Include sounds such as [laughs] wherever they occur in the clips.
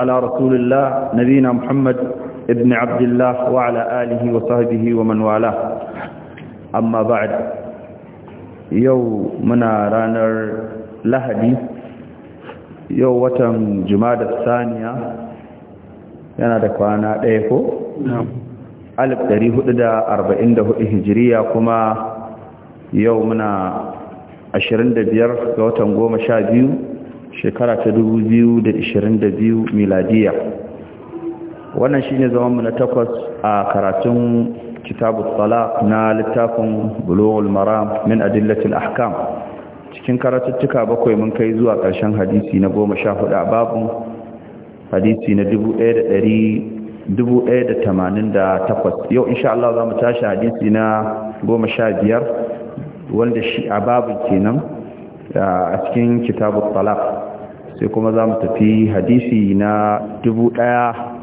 على رسول الله نبينا محمد ابن عبد الله وعلى آله وصحبه ومن والاه أما بعد يو منا رانر لهدي يو وتم جماد الثانية yana da kwana ɗaya ko? alif ɗari hudu da arba'in da hudu hijiriya kuma yau muna ashirin da biyar ga watan goma sha biyu shekara ta 2022 miladiya wannan shine zaman mu na takwas a karatun kitabu talaq na littafin bulughul maram min adillatil ahkam cikin karatuttuka bakwai mun kai zuwa ƙarshen hadisi na 14 a babun hadisi na 1188 yau insha Allah za mu tashi hadisi na 15 wanda shi a babu kenan a cikin kitabu talaq sai kuma za mu tafi hadisi na dubu daya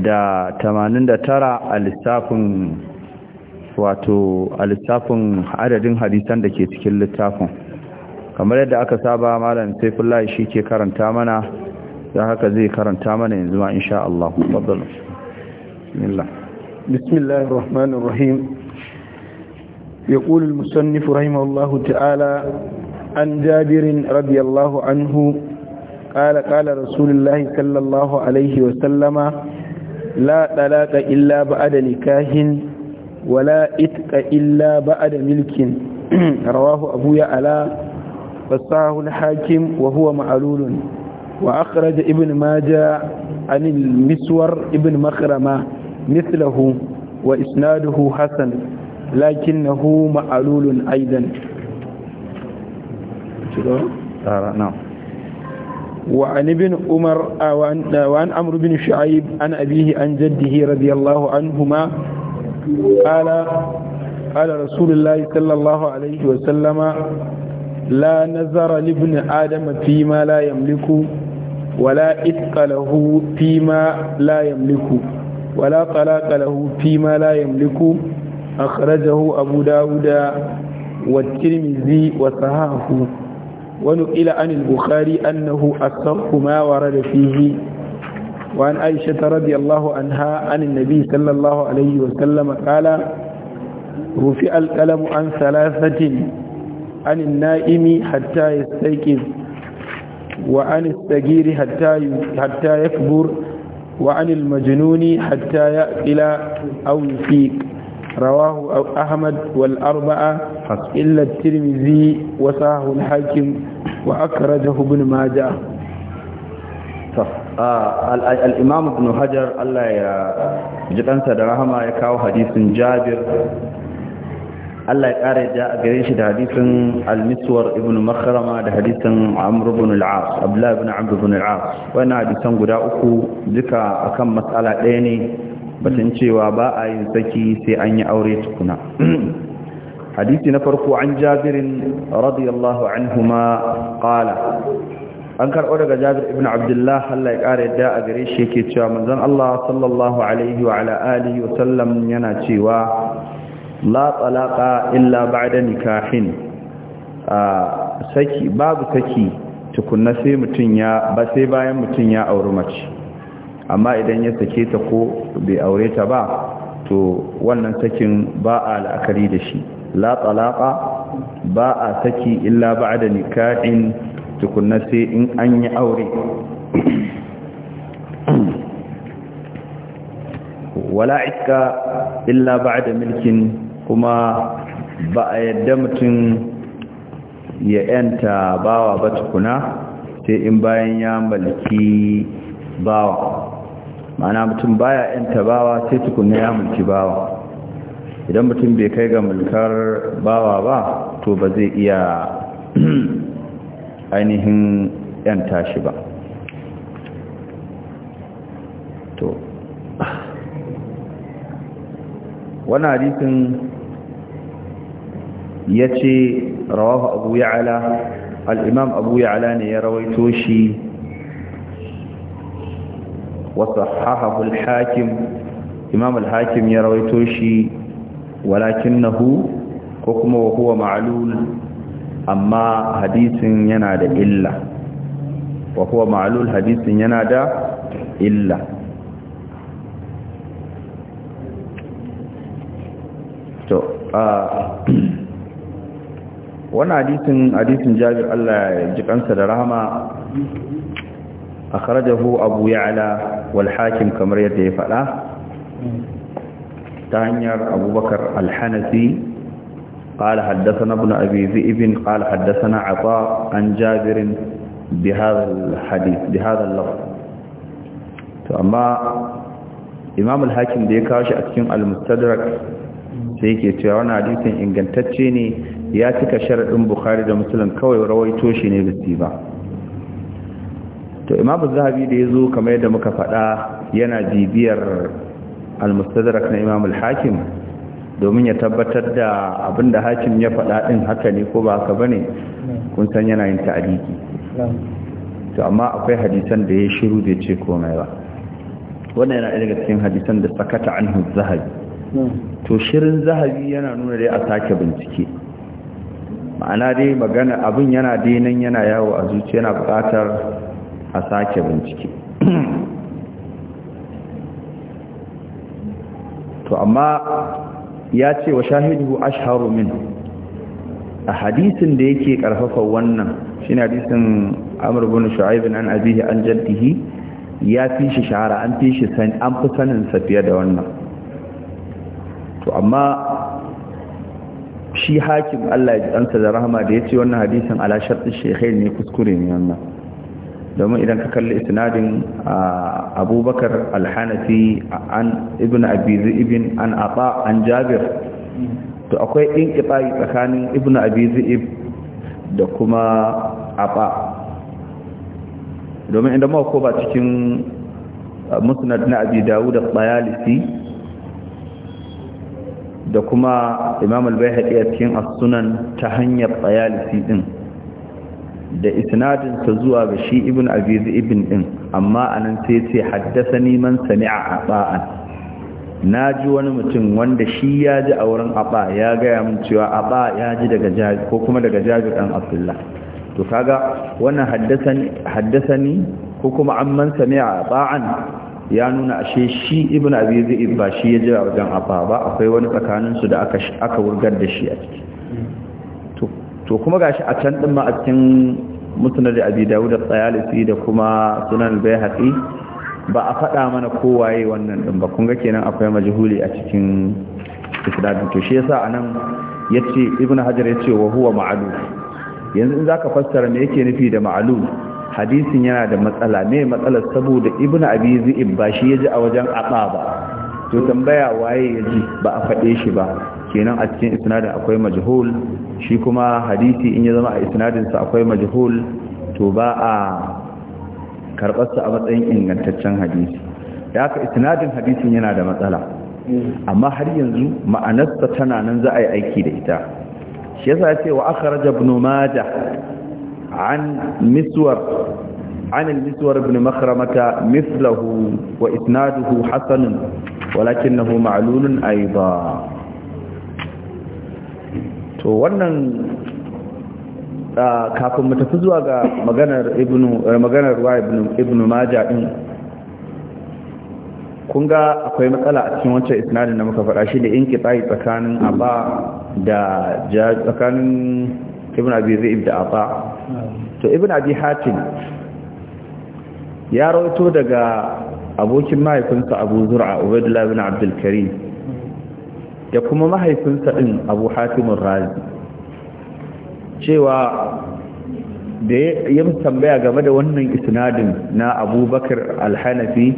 da tamanin da tara a lissafin wato a lissafin adadin hadisan da ke cikin littafin kamar yadda aka saba malam sai saifullahi shi ke karanta mana za haka zai karanta mana yanzu ma insha Allah fadl bismillah bismillahir rahmanir rahim يقول المصنف رحمه الله تعالى عن جابر رضي الله عنه قال قال رسول الله صلى الله عليه وسلم لا طلاق إلا بعد نكاه ولا إتق إلا بعد ملك رواه أبو يعلى فصاه الحاكم وهو معلول وأخرج ابن ماجه عن المسور ابن مخرمة مثله وإسناده حسن لكنه معلول أيضا نعم وعن ابن عمر وعن, وعن عمرو بن شعيب عن أبيه عن جده رضي الله عنهما قال قال رسول الله صلى الله عليه وسلم لا نذر لابن آدم فيما لا يملك ولا إثق له فيما لا يملك ولا طلاق له فيما لا يملك أخرجه أبو داود والترمذي وصححه ونقل عن البخاري أنه أكثر ما ورد فيه وعن عائشة رضي الله عنها عن النبي صلى الله عليه وسلم قال رفع القلم عن ثلاثة عن النائم حتى يستيقظ وعن السجير حتى حتى يكبر وعن المجنون حتى يأكل أو يفيق رواه أحمد والأربعة إلا الترمذي وصاه الحاكم وأكرجه ابن ماجه الإمام ابن حجر الله يجدن سدرهما يكاو حديث جابر الله يقاري جاء قريش ده حديث المسور ابن مخرمة ده حديث عمرو بن العاص عبد الله بن عمرو بن العاص وانا حديثا قد أكو ذكا أكم مسألة ديني batun cewa ba a yin saki sai an yi aure tukuna [clears throat] hadisi na farko an jabirin radiyallahu anhuma qala an karɓo daga jabir ibn abdullah Allah ya ƙara yadda a gare shi yake cewa manzon Allah sallallahu alaihi wa wa sallam yana cewa la tsalaƙa illa ba'da nikahin saki babu saki tukunna sai ya ba sai bayan mutum ya auri mace amma idan ya sake ta ko bai aure ta ba to wannan sakin ba a la'akari da shi la talaqa ba a saki illa ba'da nikahin tukunna sai in an yi aure [clears throat] wala itka illa ba'da milkin kuma ba a yadda mutum ya yanta bawa ba tukuna sai in bayan ya mallaki bawa Ma'ana mutum baya yan tabawa sai tukunna ya mulki bawa idan mutum bai kai ga mulkar bawa ba to ba zai iya [clears throat] ainihin yan tashi ba to wani hadisin ya ce rawahu abu ya'ala al'imam abu ya'ala ne ya rawaito shi وصححه الحاكم إمام الحاكم يرويتوشي ولكنه حكمه وهو معلول أما حديث ينادى إلا وهو معلول حديث ينادى إلا wani hadisin hadisin jabir Allah ya ji kansa da rahama akhrajahu abu ya'la walhakim kamar yadda ya faɗa ta hanyar abubakar alhanasi قال حدثنا ابن أبي ذئب قال حدثنا عطاء عن جابر بهذا الحديث بهذا اللفظ imam al da ya kawo shi a cikin al-mustadrak sai ke cewa wannan hadisin ingantacce ne ya cika ɗin bukhari da musulun kawai rawaito shi ne da ba to imamu zahabi da ya zo kamar yadda muka faɗa yana jibiyar al na imamu al-hakim domin ya tabbatar da abinda hakim ya faɗa din haka ne ko ba haka bane kun san yana yin ta'aliki to amma akwai hadisan da ya shiru da ce komai ba wannan yana daga cikin hadisan da sakata anhu zahabi to shirin zahabi yana nuna dai a sake bincike ma'ana dai magana abin yana dai nan yana yawo a zuciya yana buƙatar a sake bincike [clears throat] to amma ya ce wa shahidu ashharu min a hadisin da yake karfafa wannan shi ne hadisin amur bin shu'aibin an abihi an jaddihi ya fi shi shahara an fi shi an fi sanin sa fiye da wannan to amma shi hakim Allah ya ji ansa da rahama da yace wannan hadisin ala shartin shekai ne kuskure ne wannan domin idan ka kalli isnadin abubakar alhanafi an ibn abizu ibn an aba an jabir to akwai in tsakanin ibn abizu ib da kuma aba domin idan mako ba cikin musnad na abi dawud da bayalisi da kuma imam al-bayhaqi cikin as-sunan ta hanyar bayalisi din da isnadinsa zuwa ga shi ibn aziz ibn din amma anan sai ce haddasa man sami'a ba'an. na ji wani mutum wanda shi ya ji a wurin aba ya gaya min cewa aba ya ji daga jabi ko kuma daga jabi dan abdullah to kaga wannan haddasa ni ko kuma amman sami'a aba'an ya nuna ashe shi ibn Ibn ba shi ya ji a wajen aba ba akwai wani tsakaninsu da aka wurgar da shi a ciki to kuma gashi a can din ma a cikin mutunar da abi dawud da tsayalisi da kuma sunan bayhaqi ba a faɗa mana kowaye wannan din ba kun ga kenan akwai majhuli a cikin isnadin to shi yasa anan yace ibnu hajar yace wa huwa ma'lum yanzu in zaka fassara me yake nufi da ma'lum hadisin yana da matsala ne matsalar saboda ibnu abi zu'ib ba shi yaji a wajen aba ba to tambaya waye yaji ba a faɗe shi ba kenan a cikin isnadin akwai majhul shi kuma hadisi in ya zama a isnadinsa akwai majhul to ba a karɓarsa a matsayin ingantaccen hadisi da aka isnadin hadisin yana da matsala amma har yanzu ma'anarsa tana nan za a yi aiki da ita shi yasa ce wa aka raja ibn majah an miswar عن المسور بن مخرمة مثله وإسناده حسن ولكنه معلول to wannan kafin mu tafi zuwa ga maganar ibnu eh, maganar ruwa ibnu ibnu majah din kun ga akwai matsala a cikin wancan isnadin da muka faɗa shi da in kitsayi tsakanin aba da tsakanin ibnu abi zaib da aba to ibnu abi hatim ya rawaito daga abokin mahaifinsa abu zur'a ubaydullah ibn abdul karim da kuma mahaifinsa ɗin abu hatimun razi cewa da ya tambaya game da wannan isnadin na abubakar alhanafi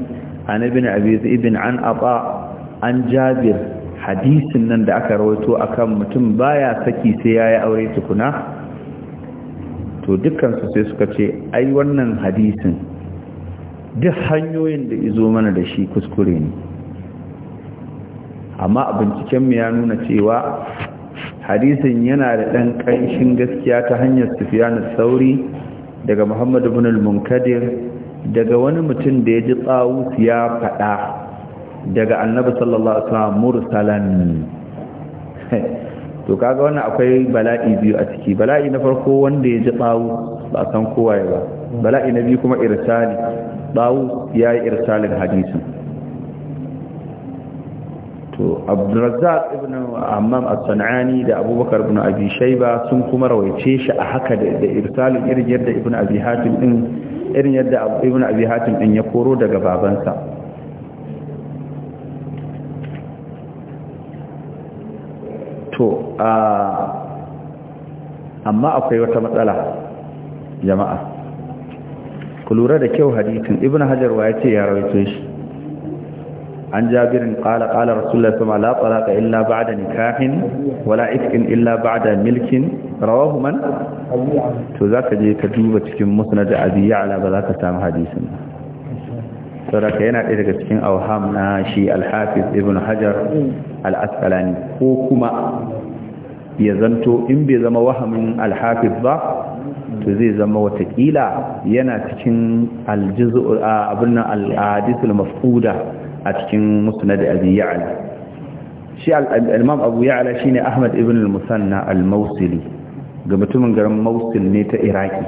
na bin abu ibn an aba an jabir hadisin nan da aka rawaito kan mutum baya saki sai ya yi aure tukuna to dukansu sai suka ce ai wannan hadisin duk hanyoyin da izo mana da shi kuskure ne amma a mu ya nuna cewa hadisin yana da ɗan ƙanshin gaskiya ta hanyar sufiyan sauri daga muhammadu bin al-munkadir daga wani mutum da ya ji tsawus ya faɗa daga annabi sallallahu alaihi wasallam mursalan [laughs] to kaga wannan akwai bala'i biyu a ciki bala'i na farko wanda ya ji tsawus ba san kowa ba bala'i na biyu kuma irsali tsawus ya yi irsalin hadisin to abdurrazzaq ibn ammam as-sanani da abubakar ibn abi shayba sun kuma rawaice shi a haka da irsalin irin yadda ibn abi hatim din irin yadda ibn abi hatim din ya koro daga babansa to a amma akwai wata matsala jama'a ku lura da kyau hadithin ibn hajar wa ya ce ya rawaito shi عن جابر قال قال رسول الله صلى الله عليه وسلم لا طلاق إلا بعد نكاح ولا عتق إلا بعد ملك رواه من تذاك جي كدوبة كم مسند أبي على بذاك سام حديث saboda yana ɗaya daga cikin auham na shi alhafiz ibn hajar al'asqalani ko kuma ya zanto in bai zama wahamin alhafiz ba to zai zama watakila yana cikin abin al'adisul a cikin musnad abi ya'la shi al-imam abu ya'la shine ahmad ibn al-musanna al-mawsili ga mutumin garin mawsil ne ta iraki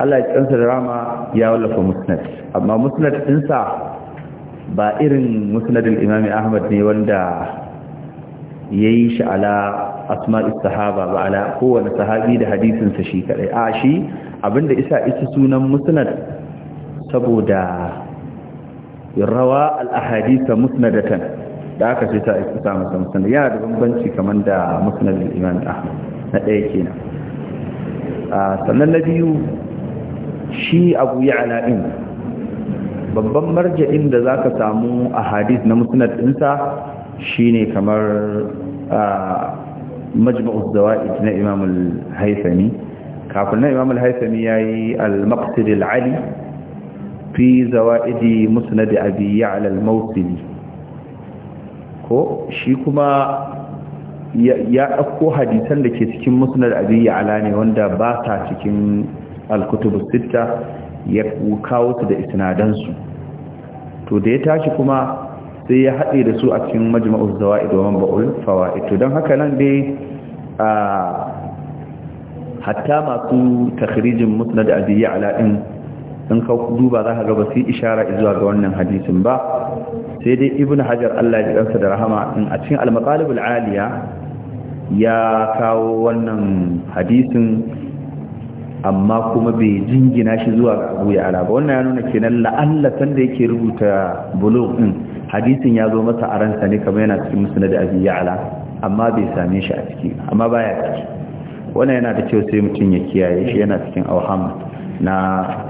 Allah ya tsansa da rama ya wallafa musnad amma musnad ɗinsa ba irin musnadin imami ahmad ne wanda ya yi shi ala asma'is sahaba ba ala kowane sahabi da hadisinsa shi kaɗai a shi abinda isa isa sunan musnad saboda rawa al'ahadisa musnadatan da aka ce ta isa masa musnada yana da bambanci kamar da musnad iman ahmad na ɗaya kenan sannan na biyu shi abu ya'la ala'in babban marja'in da za ka samu ahadis na musnad ɗinsa shine kamar majmu'uz zawaid na imam al kafin na imam al ya yi al-maqsid al-ali fi zawa'idi musnad abi ya'la al-mawsili ko shi kuma ya dauko hadisan da ke cikin musnad abi ya'la ne wanda ba ta cikin al-kutub sitta ya kawo su da isnadan su to da ya tashi kuma sai ya haɗe da su a cikin majma'uz zawa'id wa manba'ul fawaid to dan haka nan dai a hatta masu takhrijin musnad abi ya'la din in ka duba za ka ga ba su ishara zuwa ga wannan hadisin ba sai dai ibn hajar Allah ya kansa da rahama in a cikin almakalibul maqalibul ya kawo wannan hadisin amma kuma bai jingina shi zuwa ga Abu ba wannan ya nuna kenan la'alla sanda da yake rubuta bulugh din hadisin ya zo masa a ransa ne kamar yana cikin musu abu ya ala, amma bai same shi a ciki amma baya ciki wannan yana da kyau sai mutum ya kiyaye shi yana cikin auhama na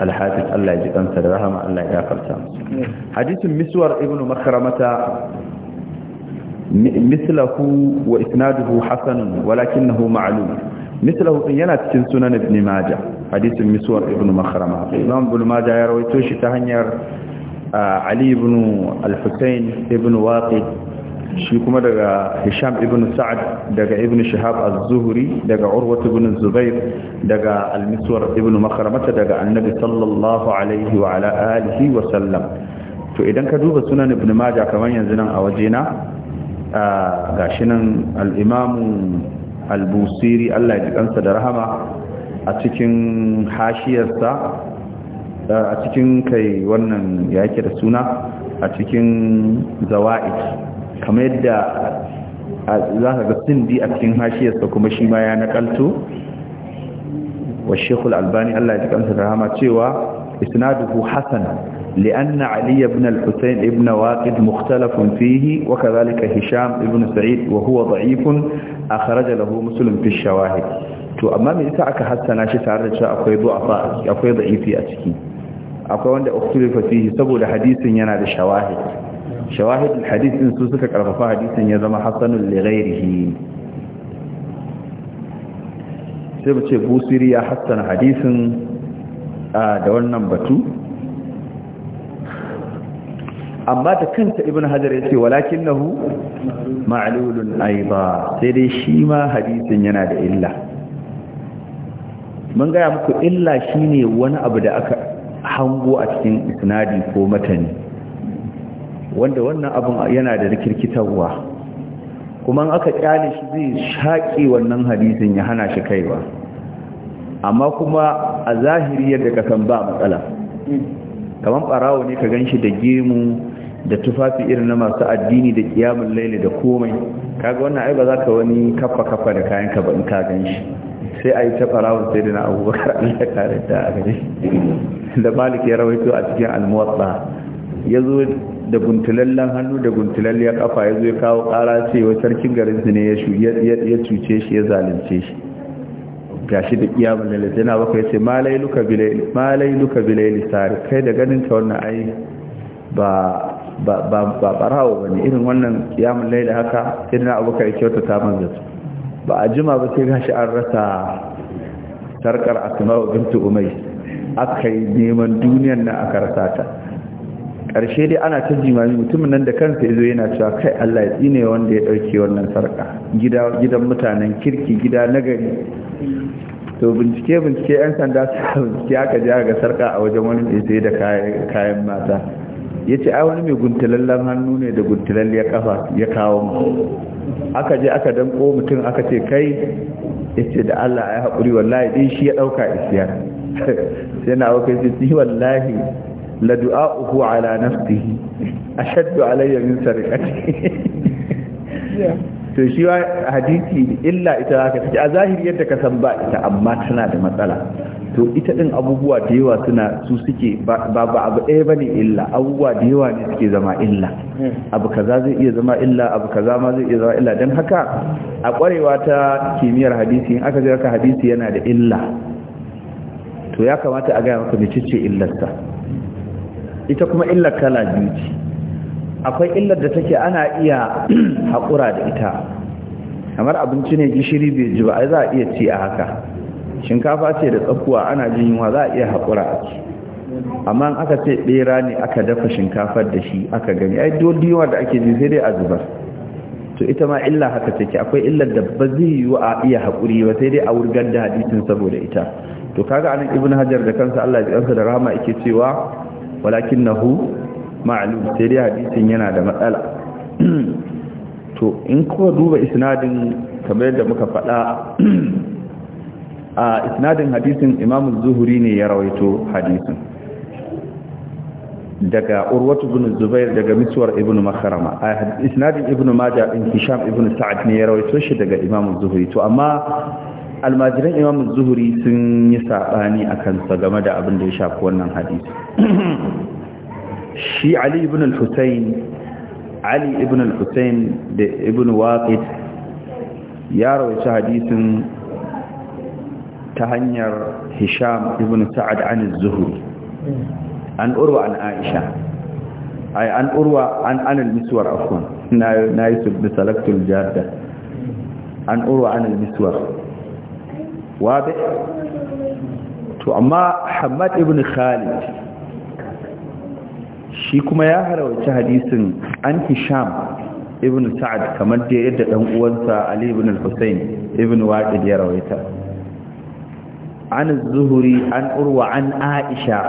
alhafiz Allah ya ji kansa da rahama Allah ya gafarta hadisin miswar ibnu makramata mislahu wa isnaduhu hasanun walakinahu ma'lum mislahu din yana cikin sunan ibn majah hadisin miswar ibnu makrama imam ibn majah ya rawaito shi ta hanyar uh, ali ibn al-husayn ibn waqid shi kuma daga hisham ibn sa'ad daga ibn shihab az-zuhri daga Urwa ibn zubair daga al-miswar ibn makhramata daga annabi sallallahu alaihi wa ala alihi wa sallam to idan ka duba sunan ibn majah kaman yanzu nan a wajena gashi nan al-imam al-busiri Allah ya ji kansa da rahama a cikin hashiyarsa a cikin kai wannan ya yake da suna a cikin zawa'id kamar yadda za ka ga sindi a cikin hashiyarsa kuma shi ma ya nakalto wa shekul albani Allah ya kansa da rahama cewa isnaduhu hasan li'anna ali ibn al-husayn ibn waqid mukhtalafun fihi wa kadhalika hisham ibnu sa'id wa huwa da'ifun akhraja lahu muslim fi ash to amma me yasa aka hassana shi tare da akwai du'afa akwai da'ifi a ciki akwai wanda ukhtulifa fihi saboda hadisin yana da shawahid shawahidul hadith din su suka karfafa hadisin ya zama hasanul li ghairihi sai bace busiri ya hassana hadisin da wannan batu amma da kanta ibn hajar yace walakinahu ma'lulun aiba sai dai shi ma hadisin yana da illa mun gaya muku illa shine wani abu da aka hango a cikin isnadi ko matani wanda wannan abin yana da rikirkitarwa kuma aka kyale shi zai shaƙi wannan hadisin ya hana shi kaiwa amma kuma a zahiri yadda ka ba matsala kamar ɓarawo ne ka gan shi da gemu da tufafi irin na masu addini da ƙiyamun laili da komai kaga wannan ai ba za ka wani kafa kafa da kayan ka ka gan shi sai a yi ta farawun sai da na abubakar [laughs] allah kare ta a gani da malik ya rawaito a cikin almuwatsa ya zo da guntulallen hannu da guntulalliyar kafa ya zo ya kawo ce cewa sarkin garin su ne ya cuce shi ya zalunce shi Ga shi da wani lalit yana baka ya ce malai luka bilaili sari kai da ganin ta wannan ai ba barawa ba ne irin wannan kiyamun da haka irin abokan ya kyauta ta su ba a jima ba sai gashi an rasa sarkar wa bintu Umai. aka yi neman duniyar na a rasa ƙarshe dai ana ta jimami mutumin nan da kansa ya zo yana cewa kai Allah ya tsine wanda ya ɗauke wannan sarƙa gidan mutanen kirki gida nagari to bincike bincike 'yan sanda su [laughs] bincike aka je ga sarƙa a wajen wani mai sai da kayan mata ya ce ai wani mai guntulallen hannu ne da guntulalliyar kafa ya kawo mu aka je aka danko mutum aka ce kai ya ce da Allah ya haƙuri wallahi ɗin shi ya ɗauka isiyar [laughs] sai na wakai sai wallahi la du'a'uhu ala nafsihi ashaddu alayya min sarqati to shi wa hadisi illa ita haka take a zahiri yadda ka san ba ita amma tana da matsala to ita din abubuwa da yawa suna su suke ba ba abu ɗaya ba ne illa abubuwa da yawa ne suke zama illa abu kaza zai iya zama illa abu kaza ma zai iya zama illa Don haka a kwarewa ta kimiyyar hadisi in aka haka hadisi yana da illa to ya kamata a gaya maka mecece illarsa ita kuma illar kala biyu ce akwai illar da take ana iya [clears throat] haƙura da ita kamar abinci ne gishiri bai ji ba za a iya ci a haka shinkafa ce da tsakuwa ana jin yunwa za a iya haƙura a ci amma aka ce ɓera ne aka dafa shinkafar da shi aka gani ai yawa da ake ji sai dai a zubar to ita ma illa haka take akwai illar da ba zai yiwu a iya hakuri ba sai dai a wurgar da hadisin saboda ita to kaga anan ibnu hajar da kansa Allah ya tsansa da rahama yake cewa walakin nahu ma'alum sai dai hadisin yana da matsala [clears throat] to in kuwa duba isnadin kamar yadda muka faɗa [clears throat] a isnadin hadisin imam zuhuri ne ya rawaito hadisin daga urwatu ibn zubair daga miswar ibn makarama a isnadin ibn majah din hisham ibn sa'ad ne ya rawaito shi daga imam zuhuri to amma almajiran imam zuhuri sun yi saɓani a kansa game da abin da ya shafi wannan hadisi shi ali ibn al-husayn ali ibn al-husayn da ibn waqid ya rawaci hadisin ta hanyar hisham ibn sa'ad an zuhuri an urwa an aisha ay an urwa an an al-miswar afwan na na yusuf bi salaktul jadda an urwa an al-miswar wabe to amma hamad ibn khalid shi kuma ya harawaci hadisin an hisham ibn sa'ad kamar da yadda dan uwansa ali ibn al-husayn ibn waqid ya rawaita an az-zuhri an urwa an aisha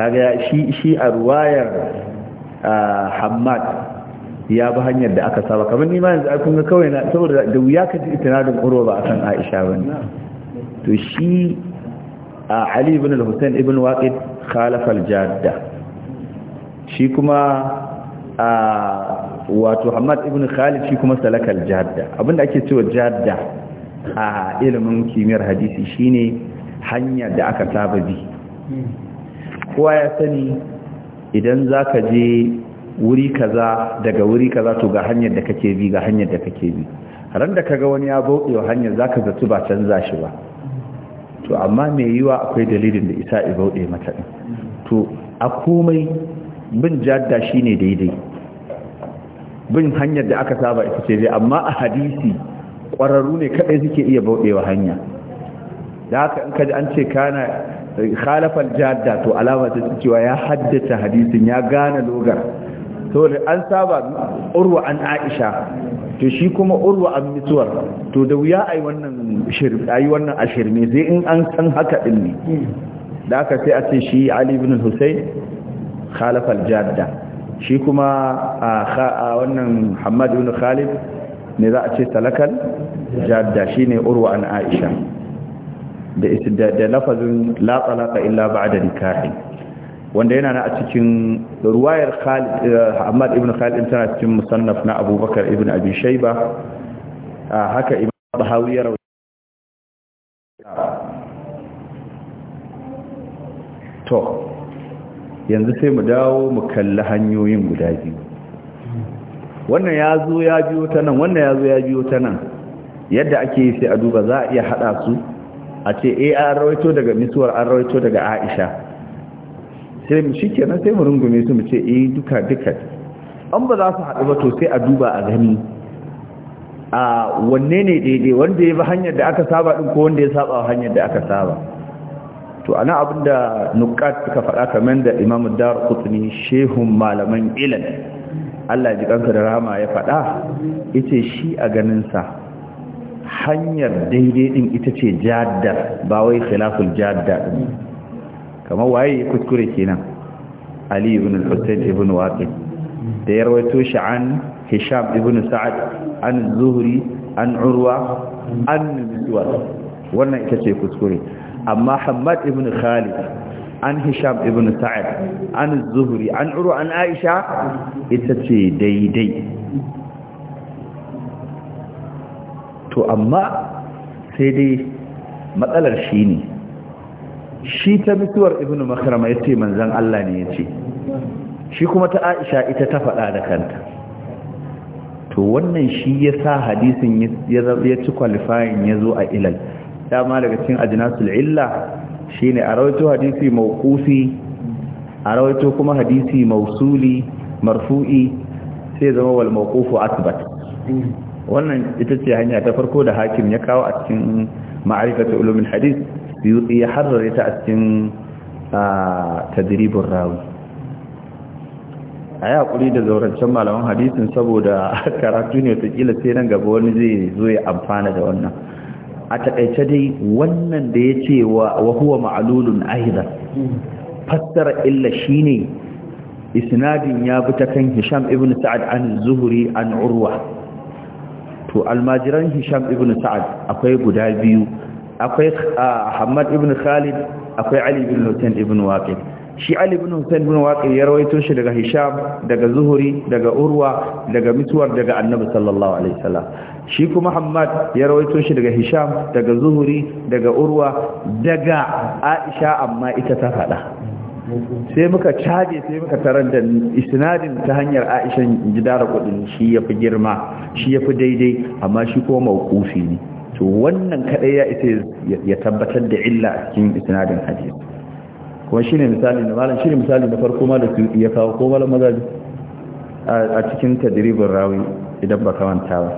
kaga shi shi a ruwayar hamad ya bi hanyar da aka saba kamar ni ma yanzu kun ga kawai na saboda da wuya ka ji itinadin urwa ba akan aisha bane to shi a ali ibn al-hussein ibn waqid khalafa al-jadda shi kuma a wato Muhammad ibn khalid shi kuma salaka al-jadda abinda ake cewa jadda a ilimin kimiyyar hadisi shine hanya da aka saba bi kowa ya sani idan zaka je wuri kaza daga wuri kaza to ga hanyar da kake bi ga hanyar da kake bi ran da kaga wani ya bauɗe hanyar zaka zatu ba canza shi ba to amma mai yiwa akwai dalilin da isa ibauɗe mata ɗin to a komai bin jadda shine daidai bin hanyar da aka saba ita ce dai amma a hadisi ƙwararru ne kaɗai suke iya bauɗewa hanya da haka in kaji an ce kana eh, khalafal jadda to alama ta cewa ya haddace hadisin ya gane logar saboda an saba urwa an aisha to shi kuma urwa an mutuwar to da wuya ai wannan ayi wannan sai in an san haka din ne da aka sai a ce shi ali ibn husayn khalafa al-jadda shi kuma a wannan hamad ibn khalid ne za a ce talakal jadda shine urwa an aisha da da lafazin la talaqa illa da nikahi wanda yana na a cikin ruwayar eh, Ahmad ibn Khalid tana cikin musannaf na Abubakar ibn Abi Shayba haka Imam Bahawi ya to yanzu sai mu dawo mu kalli hanyoyin guda biyu wannan ya zo ya biyo ta nan wannan ya zo ya biyo ta nan yadda ake yi sai a duba za a iya hada su a ce eh an rawaito daga Miswar an rawaito daga Aisha sai shi kenan sai mu rungume su mu ce eh duka duka an ba za su haɗu ba to sai a duba a gani a wanne ne daidai wanda ya bi hanyar da aka saba din ko wanda ya saba hanyar da aka saba to ana abinda nukat suka faɗa kamar da imamu dar kutuni shehun malaman ilan Allah ji kansa da rama ya faɗa ita shi a ganinsa hanyar daidai din ita ce jaddar ba wai khilaful jaddar kamar waye kuskure kenan ali ibn al-husayn ibn waqid da ya rawaito shi an hisham ibn sa'ad an zuhri an urwa an miswar wannan ita ce kuskure amma hamad ibn khalid an hisham ibn sa'ad an zuhri an urwa an aisha ita ce daidai to amma sai dai matsalar shi ne shi ta mutuwar ibnu makarama ya ce manzan Allah ne ya ce shi kuma ta aisha ita ta faɗa da kanta to wannan shi ya sa hadisin ya ci kwalifayin ya zo a ilal dama daga cikin ajinasul illa shi ne a rawaito hadisi mawkufi a rawaito kuma hadisi mausuli marfu'i sai zama wal mawkufu asbat wannan ita ce hanya ta farko da hakim ya kawo a cikin ma'arifatu ulumin hadith biyu ya harrare ta a cikin tadribin rawi a yakuri da zaurancen malaman hadisin saboda [laughs] karatu ne watakila sai nan gaba wani zai zo ya amfana da wannan a takaice dai wannan da ya ce wa huwa ma'alulun ahidar fassara illa shine isnadin ya bi ta kan hisham ibn sa'ad an zuhuri an urwa to almajiran hisham ibn sa'ad akwai guda biyu akwai hamad ibn khalid akwai ali ibn hussein ibn shi ali ibn hussein ibn waqid ya rawaito shi daga hisham daga zuhuri daga urwa daga mutuwar daga annabi sallallahu alaihi wasallam shi kuma hamad ya rawaito shi daga hisham daga zuhuri daga urwa daga aisha amma ita ta fada sai muka caje sai muka tarar da isnadin ta hanyar Aisha jidara kudin shi ya fi girma shi ya fi daidai amma shi ko mawukufi ne to wannan kadai ya ita ya tabbatar da illa a cikin isnadin hadisi kuma shine misali na malam shine misali na farko ma da ya kawo ko malam mazaji a cikin tadribin rawi idan ba kawanta ba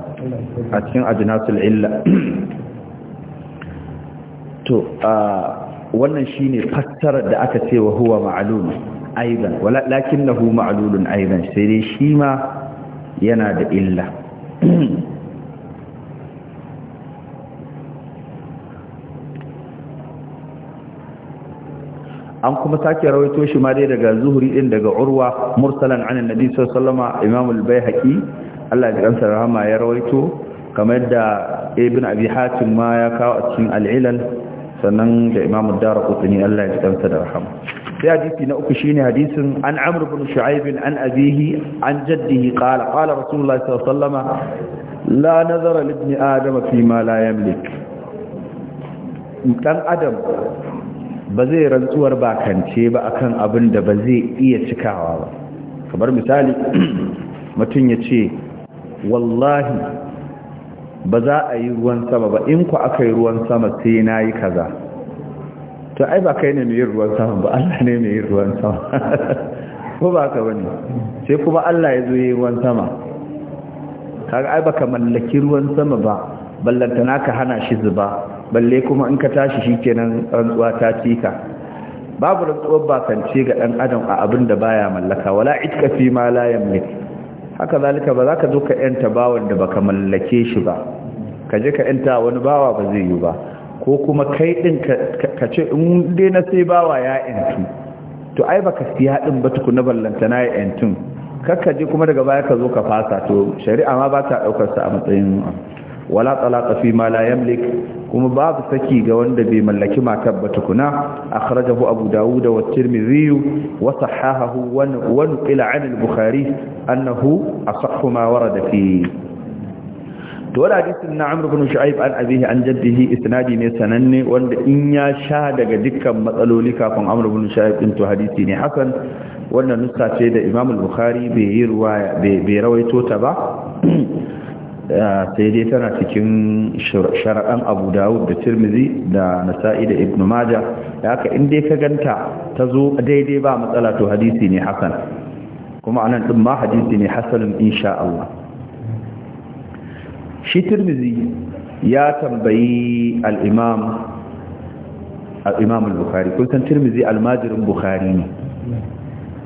a cikin ajinatul illa [clears throat] to a wannan shine fassarar da aka ce wa huwa lakin na hu ma'alun aizan, sai dai shi ma yana da illa an kuma sake rawaito shi ma dai daga zuhuri din daga urwa mursalan anan nabi sallallahu alaihi wasallam imam baihaqi Allah ya gansa rahama ya rawaito kamar da ibn abi hatim ma ya kawo a cikin al sannan da imam dara kutuni Allah ya ji da rahama sai hadisi na uku shine hadisin an amr ibn shu'aib an abihi an jaddihi qala qala rasulullah sallallahu alaihi wasallam la nazara li ibn adam fi ma la yamlik dan adam ba zai rantsuwar kance ba akan abin da ba zai iya cikawa ba kamar misali [clears throat] mutum ya ce wallahi ba za a yi ruwan sama ba in ku aka yi ruwan sama sai na yi kaza to ai ba kai ne mai yi ruwan sama ba Allah ne mai yi ruwan sama [laughs] ko ba ka bane sai kuma Allah ya zo yi ruwan sama kaga ai baka mallaki ruwan sama ba ballanta ka hana shi zuba balle kuma in ka tashi shikenan rantsuwa ta tika babu rantsuwar ce ga ɗan adam a abin da baya mallaka wala itka fi ma la yamlik haka zalika ba za ka zo ka yanta bawan da baka mallake shi ba ka je ka yanta wani bawa ba zai yi ba ko kuma kai din ka ce in dai na sai bawa ya yantu to ai baka siya din ba tukuna ballanta na ya yantun kakka je kuma daga baya ka zo ka fasa to shari'a ma ba ta daukar a matsayin wala talaqa fi ma la yamlik kuma babu saki ga wanda bai mallaki matar ba tukuna akhrajahu abu dawud wa tirmidhi wa sahahahu wa ila an al-bukhari annahu asahhu ma warada fi to wala hadisin na ibn shu'aib an abihi an jaddihi isnadi ne sananne wanda in ya sha daga dukkan matsaloli kafin amr ibn shu'aib din to hadisi ne hakan wannan nusa ce da imam al-bukhari bai yi ruwaya bai rawaito ta ba sai dai tana cikin shar'an abu dawud da tirmizi da nasa'i da ibn maja da haka inda ka ganta ta zo daidai ba matsala to hadisi ne hasan kuma anan din ma hadisi ne hasanin insha Allah shi tirmizi ya tambayi al-imam bukhari kun san tirmizi almajirin bukhari ne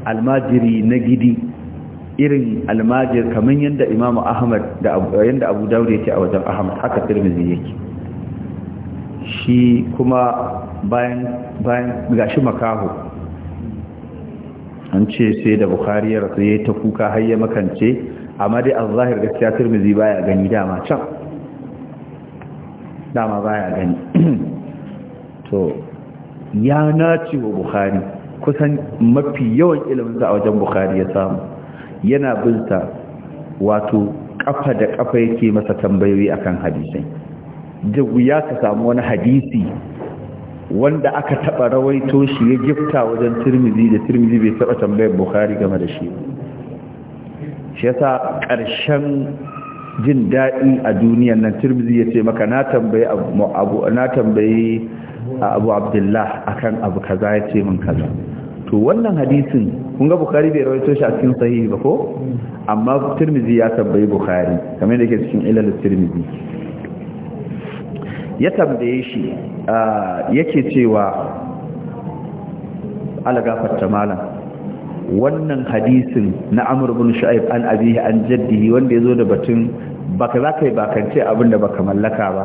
almajiri na gidi irin almajir kamar yadda imamu ahmad da yadda abu daure yake a wajen ahmad haka tirmizi yake shi kuma bayan bayan gashi makaho an ce sai da bukari ya rasu ya ta kuka har ya makance amma dai a zahir gaskiya tirmizi baya gani dama can dama baya gani [clears throat] to ya nace wa bukari kusan mafi yawan ilimin a wajen bukari ya samu yana sa, wato kafa da kafa yake masa tambayoyi akan hadisai da wuya ka samu wani hadisi wanda aka taba rawaito shi ya gifta wajen tirmizi da tirmizi bai taba tambayar bukhari game da shi shi yasa ƙarshen jin daɗi a duniyan nan tirmizi ya ce maka na tambayi abu na tambayi abu abdullah akan abu kaza ya ce min kaza to wannan hadisin kun ga bukari bai rawaito shi a cikin sahihi ba ko amma tirmizi ya tambayi bukari kamar da ke cikin ilal tirmizi ya tambaye shi yake cewa gafar malam wannan hadisin na amur bin shu'aib an abihi an jaddihi wanda yazo da batun baka za ka yi bakance abin da baka mallaka ba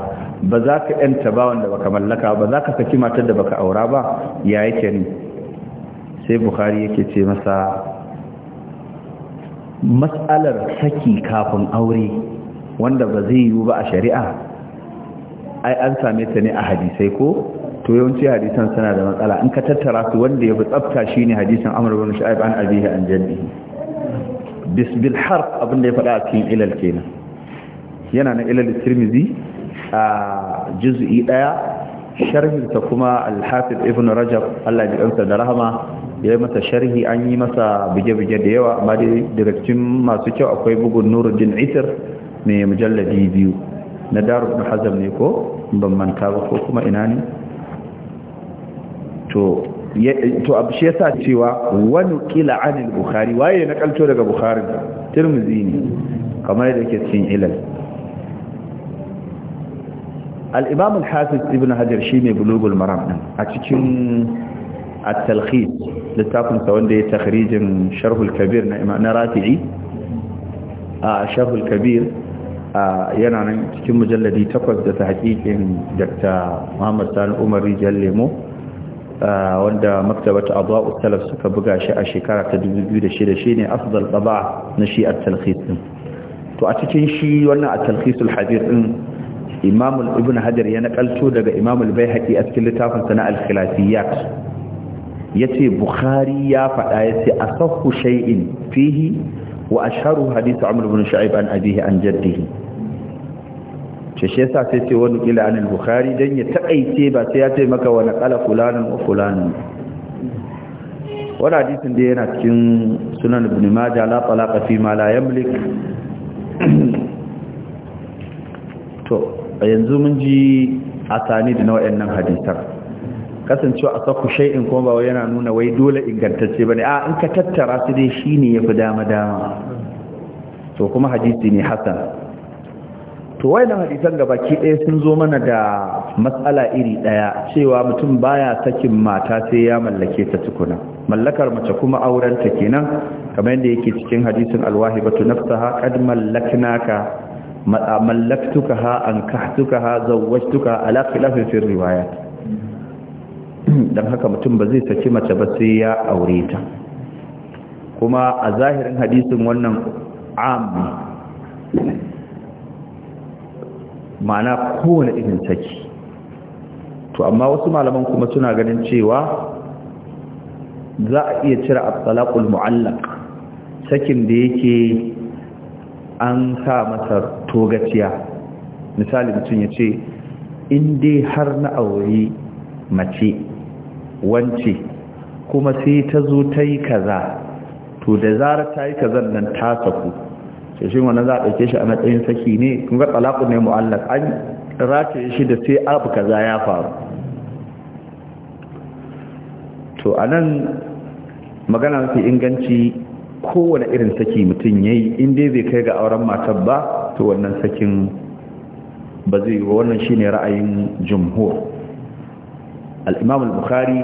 ba za ka yanta ba wanda baka mallaka ba za ka saki matar da baka aura ba ya yake ni sai Buhari yake ce masa matsalar saki kafin aure wanda ba zai yiwu ba a shari'a ai an same ta ne a hadisai ko to yawanci hadisan suna da matsala in ka tattara su wanda ya fi tsafta ne hadisan amr ibn shu'aib an abihi an jalli bisbil har abinda ya faɗa a cikin ilal kenan yana na ilal tirmizi a juz'i ɗaya sharhinta kuma Alhafi ibn rajab Allah ya da rahama ya masa sharhi an yi masa buge-buge da yawa amma daga cikin masu kyau akwai bugun nuruddin itir mai mujalladi biyu na daru da hazam ne ko ban manta ba ko kuma ina ne to to abu shi yasa cewa wani kila anil bukhari waye na kalto daga bukhari tirmizi ne kamar yadda ke cin ilal al-imam al-hafiz ibn hajar ne bulugul maram din a cikin at-talkhis littafin sa wanda ya takhrijin sharhul kabir na imam rafi'i a yana nan cikin mujalladi 8 da ta tahqiqin Dr. Muhammad Sani Umar Rijal Lemo wanda maktabata Adwa'u Salaf suka buga shi a shekara ta 2006 shine afdal qada na shi at-talkhis to a cikin shi wannan at-talkhisul hadith din imam ibn hajar ya nakalto daga imamul al-baihaqi a cikin littafin sana al-khilafiyat ya ce bukhari ya faɗa ya ce a sahu shay'in fihi wa asharu hadithu amr ibn shu'aib an abihi an jaddihi ce shi sa sai ce wani kila bukhari dan ya takaice ba sai ya ce maka wani kala fulanin wa fulanin wani hadisin da yana cikin sunan ibn majah la talaqa fi ma la yamlik to yanzu mun ji Sani da na wayannan hadisan kasancewa a saku shay'in kuma ba yana nuna wai dole ingantacce ne a in ka tattara su dai shine yafi dama dama to kuma hadisi ne hasan to wayannan hadisan gabaki ɗaya sun zo mana da matsala iri ɗaya cewa mutum baya sakin mata sai ya mallake ta tukuna mallakar mace kuma auren ta kenan kamar yadda yake cikin hadisin alwahibatu nafsaha kad mallaknaka an kahtuka zawwajtukaha ala khilafin fi riwayat [clears throat] don haka mutum ba zai saki mace ba sai ya aure ta kuma a zahirin hadisin wannan amni ma'ana kowane irin saki to amma wasu malaman kuma suna ganin cewa za a iya cire at-talaqul sakin da yake an sa masa togaciya misali mutum ya ce in dai har na aure mace wance kuma sai ta zo ta yi kaza to da zarar ta yi kazan nan ta saku sai shi wannan za a ɗauke shi a matsayin saki ne kun ga talaku ne mu'allaq an rataye shi da sai abu kaza ya faru to anan magana mafi inganci kowane irin saki mutum ya yi dai zai kai ga auren matar ba to wannan sakin ba zai yi wannan shine ra'ayin jumhur Al'imamul bukhari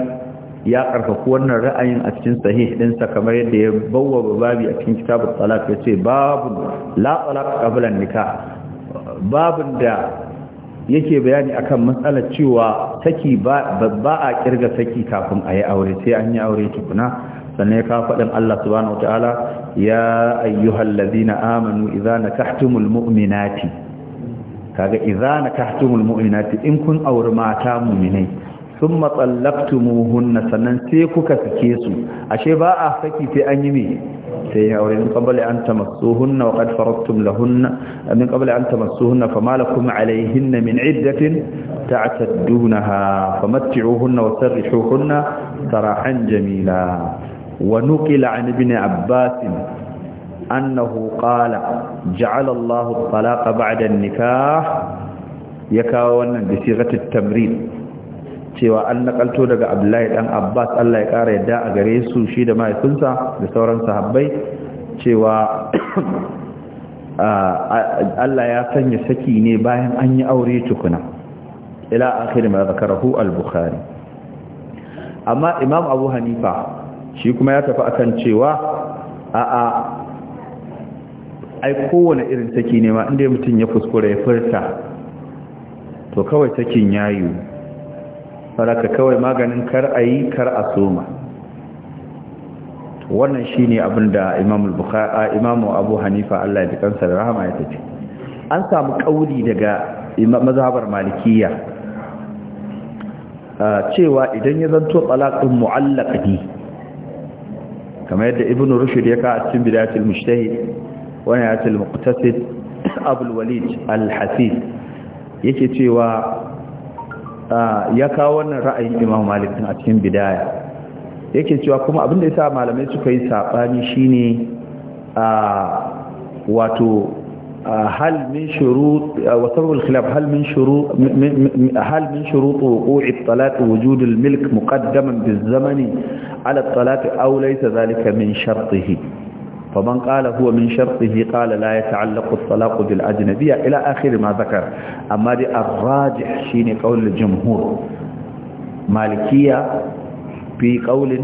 ya karfafa wannan ra'ayin a cikin sahih ɗinsa kamar yadda ya bawa babi a cikin kitabut talaq yace babu la talaq qabla nikah babun da yake bayani akan matsalar cewa saki ba a kirga saki kafin a yi aure sai an yi aure tukuna sannan ya kawo Allah subhanahu wa ta'ala ya ayyuhal ladina amanu idza nakahtumul mu'minati kaga idza nakahtumul mu'minati in kun aure mata mu'minai sun matsallaktumuhunna sannan sai kuka sake su ashe ba a saki sai an yi me sai ya aure min qabla an tamassuhunna wa qad faradtum lahunna min qabla an tamassuhunna fa lakum alayhinna min iddatin ta'taddunaha hunna wa sarrihuhunna sarahan jamila wa nuqila an ibn abbas annahu qala ja'ala Allahu at-talaqa ba'da an-nikah ya kawo wannan bisigatul tamrin cewa an nakalto daga abdullahi dan abbas allah ya kara yadda a gare su shi da mahaifinsa da sauran sahabbai cewa [coughs] allah ya sanya saki ne bayan an yi aure tukuna ila akhir ma zakarahu al-bukhari amma imam abu hanifa shi kuma ya tafi akan cewa a'a ai kowane irin saki ne ma inda mutum ya fuskura ya furta to kawai sakin yayu saraka kawai maganin kar a yi kar a soma wannan shi ne abinda imamu abu hanifa allah ya kansa da rahama ya tafi an samu ƙauli daga mazhabar malikiya cewa idan ya zanto tsalaƙin mu'allaka ne kamar yadda ibn rushd ya ka a cikin bidayatul mujtahid wa wani muqtasid abul walid al-hasib yake cewa ya kawo wannan ra'ayin imam malik a cikin bidaya yake cewa kuma abin da yasa malamai suka yi saɓani shine ne wato hal min shurut wa sabab al hal min milk muqaddaman biz-zamani ala talatin aulaita zalika min shartihi فمن قال هو من شرطه قال لا يتعلق الطلاق بالأجنبية إلى آخر ما ذكر أما دي الراجح شيني قول الجمهور مالكية في قول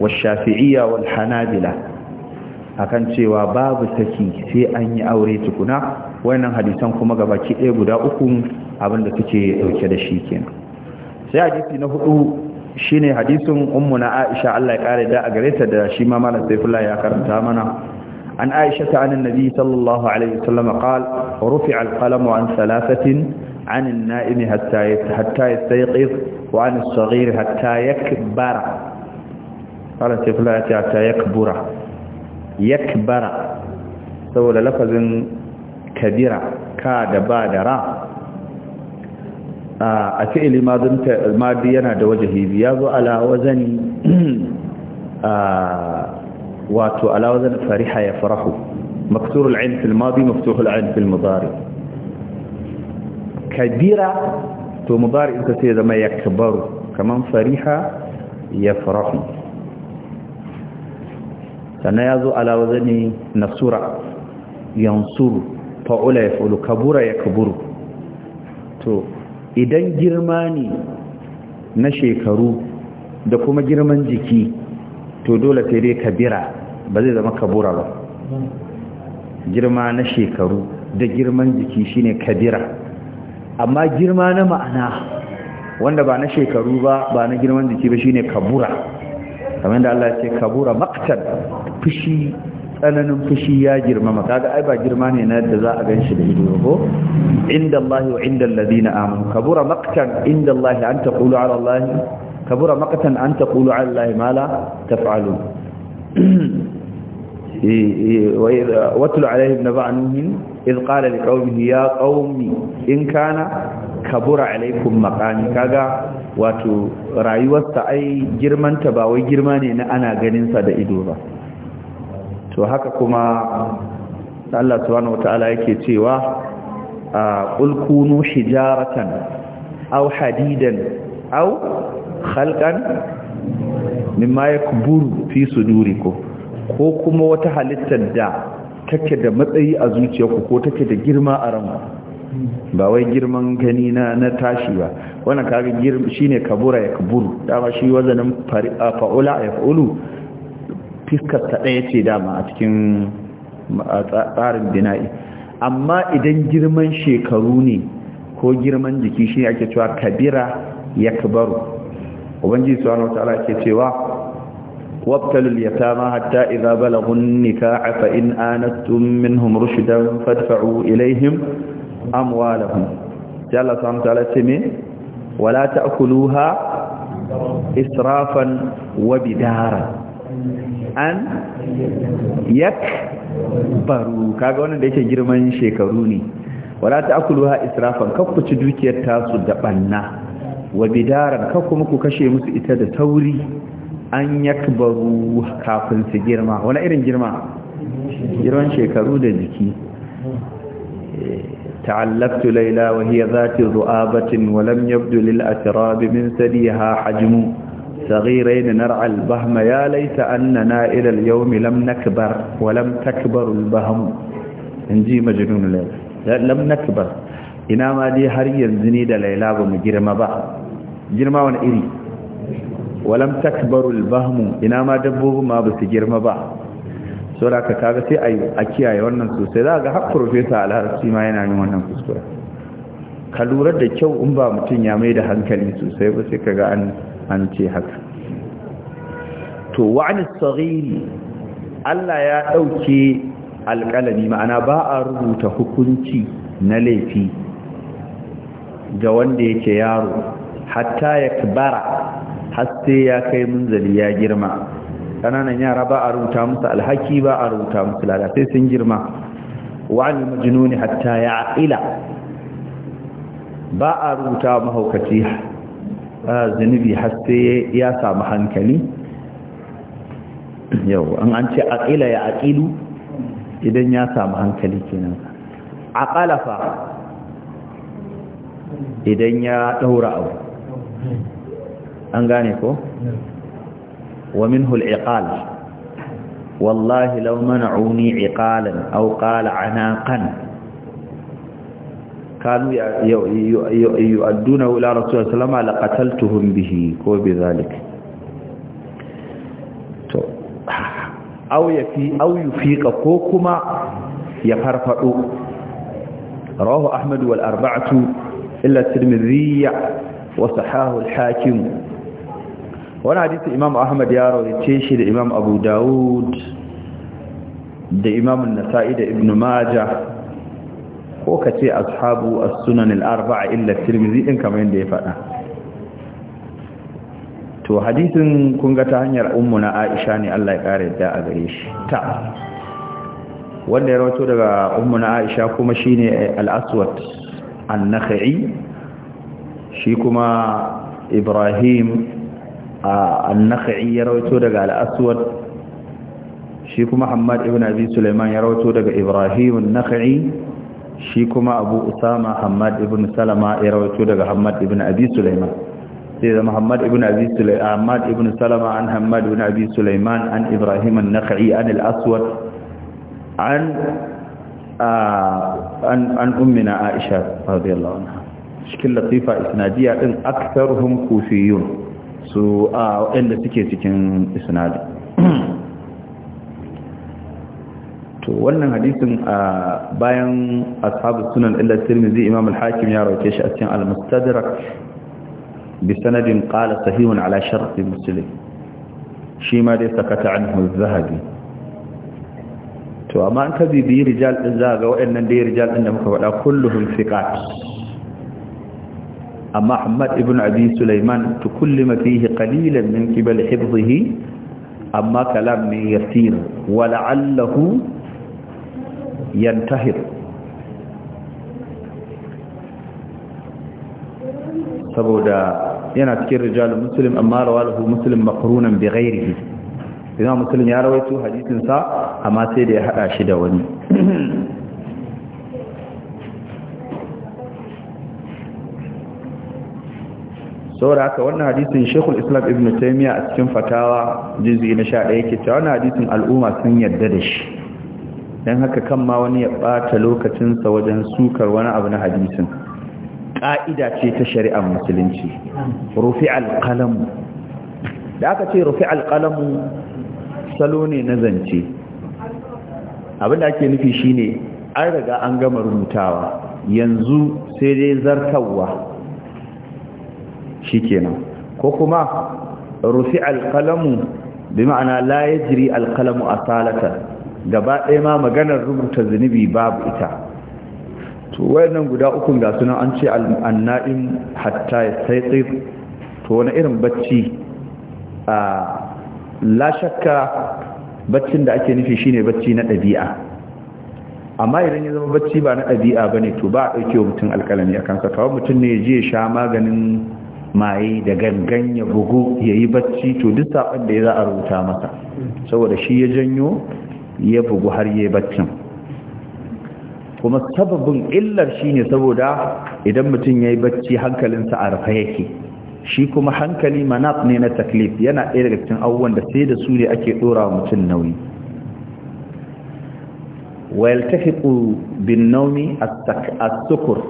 والشافعية والحنابلة akan cewa babu saki sai an yi aure tukuna wannan hadisan kuma gabaki ɗaya guda uku abinda suke dauke da shi kenan sai hadisi na hudu shine hadisin ummu na Aisha Allah ya kare da a gareta da shi ma malam Saifullah ya karanta mana an Aisha ta anan nabi sallallahu alaihi wasallam qal rufi'a al-qalam an thalathatin an an-na'imi hatta hatta yastayqiz wa an as-saghir hatta yakbara malam Saifullah ya ce hatta yakbura yakbara saboda lafazin kabira ka da ba da ra a fi'ili madi yana da wajahi biya zo ala wazani wato ala wazani fariha ya farahu مكسور العين في الماضي مفتوح العين في المضارع كبيرة تو مضارع انت سيدا ما يكبر كمان فريحة يفرح سنيازو على وزن نصورة ينصر فعول يفعل كبور يكبر تو idan girma ne na shekaru da kuma girman jiki to dole sai dai kabira ba zai zama kabura ba girma na shekaru da girman jiki shine kabira amma girma na ma'ana wanda ba na shekaru ba ba na girman jiki ba shine kabura kamar da Allah ya ce kabura maqtad fushi tsananin fushi ya girmama kaga ai ba girma ne na yadda za a gan shi da ido ko inda Allah wa inda alladhina amanu kabura maqtan inda Allah an taqulu ala Allah kabura maqtan an taqulu ala Allah ma la taf'alu واتل عليهم نبأ نوح إذ قال لقومه ya قوم in kana kabura alaikum makani kaga wato rayuwarsa ai girmanta ba wai girma ne na ana ganinsa da ido ba to haka kuma Allah subhanahu wataala yake cewa qul kunu hijaratan aw hadidan aw khalqan mimma yakburu fi sudurikum ko kuma wata halittar da take da matsayi a zuciyarku ko take da girma a ranku ba wai girman gani na na tashi ba wannan kaga shine kabura ya kaburu dama shi wazanin fa'ula ya fiskar ta ɗaya ce dama a cikin tsarin bina'i amma idan girman shekaru ne ko girman jiki shi ake cewa kabira ya kabaru ubangiji subhanahu wataala ke cewa wabtalul ma hatta idza balagu nika'a fa in anastum minhum rushdan fadfa'u ilayhim amwalahum jalla subhanahu wataala ce me wala ha israfan wa an yak baru kaga wannan da yake girman shekaru ne wala ta'kuluha israfan ci dukiyar tasu da banna wa bidaran kakku muku kashe musu ita da tauri an yakbaru kafin su girma wani irin girma girman shekaru da jiki تعلقت ليلى وهي ذات ذؤابة ولم يبدو للأتراب من سديها حجم الصغيرين نرعى البهم يا ليت أننا إلى اليوم لم نكبر ولم تكبر البهم إنجي مجنون الليل لم نكبر ina ma dai har yanzu ni da laila ba mu girma ba girma wani iri walam takbarul bahmu ina ma dabbobin ma ba su girma ba So saboda ka kaga sai a kiyaye wannan sosai za ga har profesa alharci ma yana yin wannan kuskure ka lura da kyau in ba mutum ya mai da hankali sosai ba sai kaga an an ce haka to wa'ani tsariri Allah ya ɗauke alƙalami ma'ana ba a rubuta hukunci na laifi ga wanda yake yaro hatta ya kibara haske ya kai munzali ya girma ƙananan yara ba a rubuta musu alhaki ba a rubuta musu lalatai sun girma wa'ani majinuni hatta ya ila ba a rubuta mahaukaci zunubi har sai ya samu hankali yau an an ce aƙila ya aƙilu idan ya samu hankali kenan aƙala fa idan ya ɗaura abu an gane ko wa minhu al-iqal wallahi law mana'uni iqalan aw qala anaqan kanu yu'adduna ila rasulullah sallallahu alaihi wasallam bihi ko bi to aw yafi aw yufiqa ko kuma ya farfado rawahu ahmad wal arba'atu illa tirmidhi wa sahahu al hakim wannan hadisi imam ahmad ya rawaice shi da imam abu daud da imam an-nasa'i da ibnu majah ko ka ce ashabu as-sunan al-arba'a illa tirmizi din kamar yadda ya faɗa to hadisin kun ga ta hanyar na Aisha ne Allah ya kare da a gare shi ta wanda ya rawato daga na Aisha kuma shine al-aswad an-nakhai shi kuma Ibrahim an-nakhai ya rawato daga al-aswad shi kuma Hamad ibn Abi Sulaiman ya rawato daga Ibrahim an-Nakhai shi kuma abu usama hamad ibn salama ya rawato daga hamad ibn abi sulaiman sai zama hamad ibn abi sulaiman hamad ibn salama an hamad ibn abi sulaiman an ibrahim an-nakhai an al-aswad an an an ummina aisha radiyallahu anha cikin latifa isnadiya din aktharuhum kufiyun su a wanda suke cikin isnadi [clears throat] to wannan hadisin a bayan ashabu sunan illa tirmizi imam al-hakim ya rauke shi a cikin al-mustadrak bi sanadin qala sahihun ala shart muslim shi ma dai sakata anhu az-zahabi to amma an ka bi rijal din za ga waɗannan dai rijal din da muka faɗa kulluhum thiqat amma Ahmad ibn Abi Sulaiman tukullima fihi qalilan min qibal hifdhihi amma kalam min yasir wa la'allahu yantahir saboda yana cikin rijal musulun, amma rawalahu muslim maqrunan bi idan musulun ya rawaito hadisin sa amma sai da ya hada shi da wani saboda haka wannan hadisin Sheikhul Islam Ibn Taymiyyah a cikin fatawa juz'i na 11 yake cewa wannan hadisin al'umma sun yarda da shi don haka kan ma wani ya ɓata lokacinsa wajen sukar wani abu na hadisin ƙa'ida ce ta shari'ar musulunci rufi alƙalamu da aka ce rufi alƙalamu salo ne na zance abinda ake nufi shine an riga an gama rubutawa yanzu sai dai zartawa kenan ko kuma rufi alƙalamu bi ma'ana la jiri alƙalamu Salatar. gaba ɗaya ma maganar rubuta zunubi babu ita to wayannan guda ukun ga sunan an ce anna'im hatta ya sai to wani irin bacci a la shakka baccin da ake nufi shine bacci na ɗabi'a amma idan ya zama bacci ba na ɗabi'a ba ne to ba a ɗauke wa mutum alƙalami a kansa kawai mutum ne ya je ya sha maganin maye da gangan ya bugu ya yi bacci to duk saɓon da ya za a rubuta masa saboda shi ya janyo ya bugu har yi baccin kuma sababin illar shi ne saboda idan mutum ya yi bacci hankalinsa a rufe yake shi kuma hankali manaf ne na taklif yana ɗaya daga cikin abubuwan da sai da su ne ake ɗora wa mutum nauyi wayaltafiqu bin naumi a sukur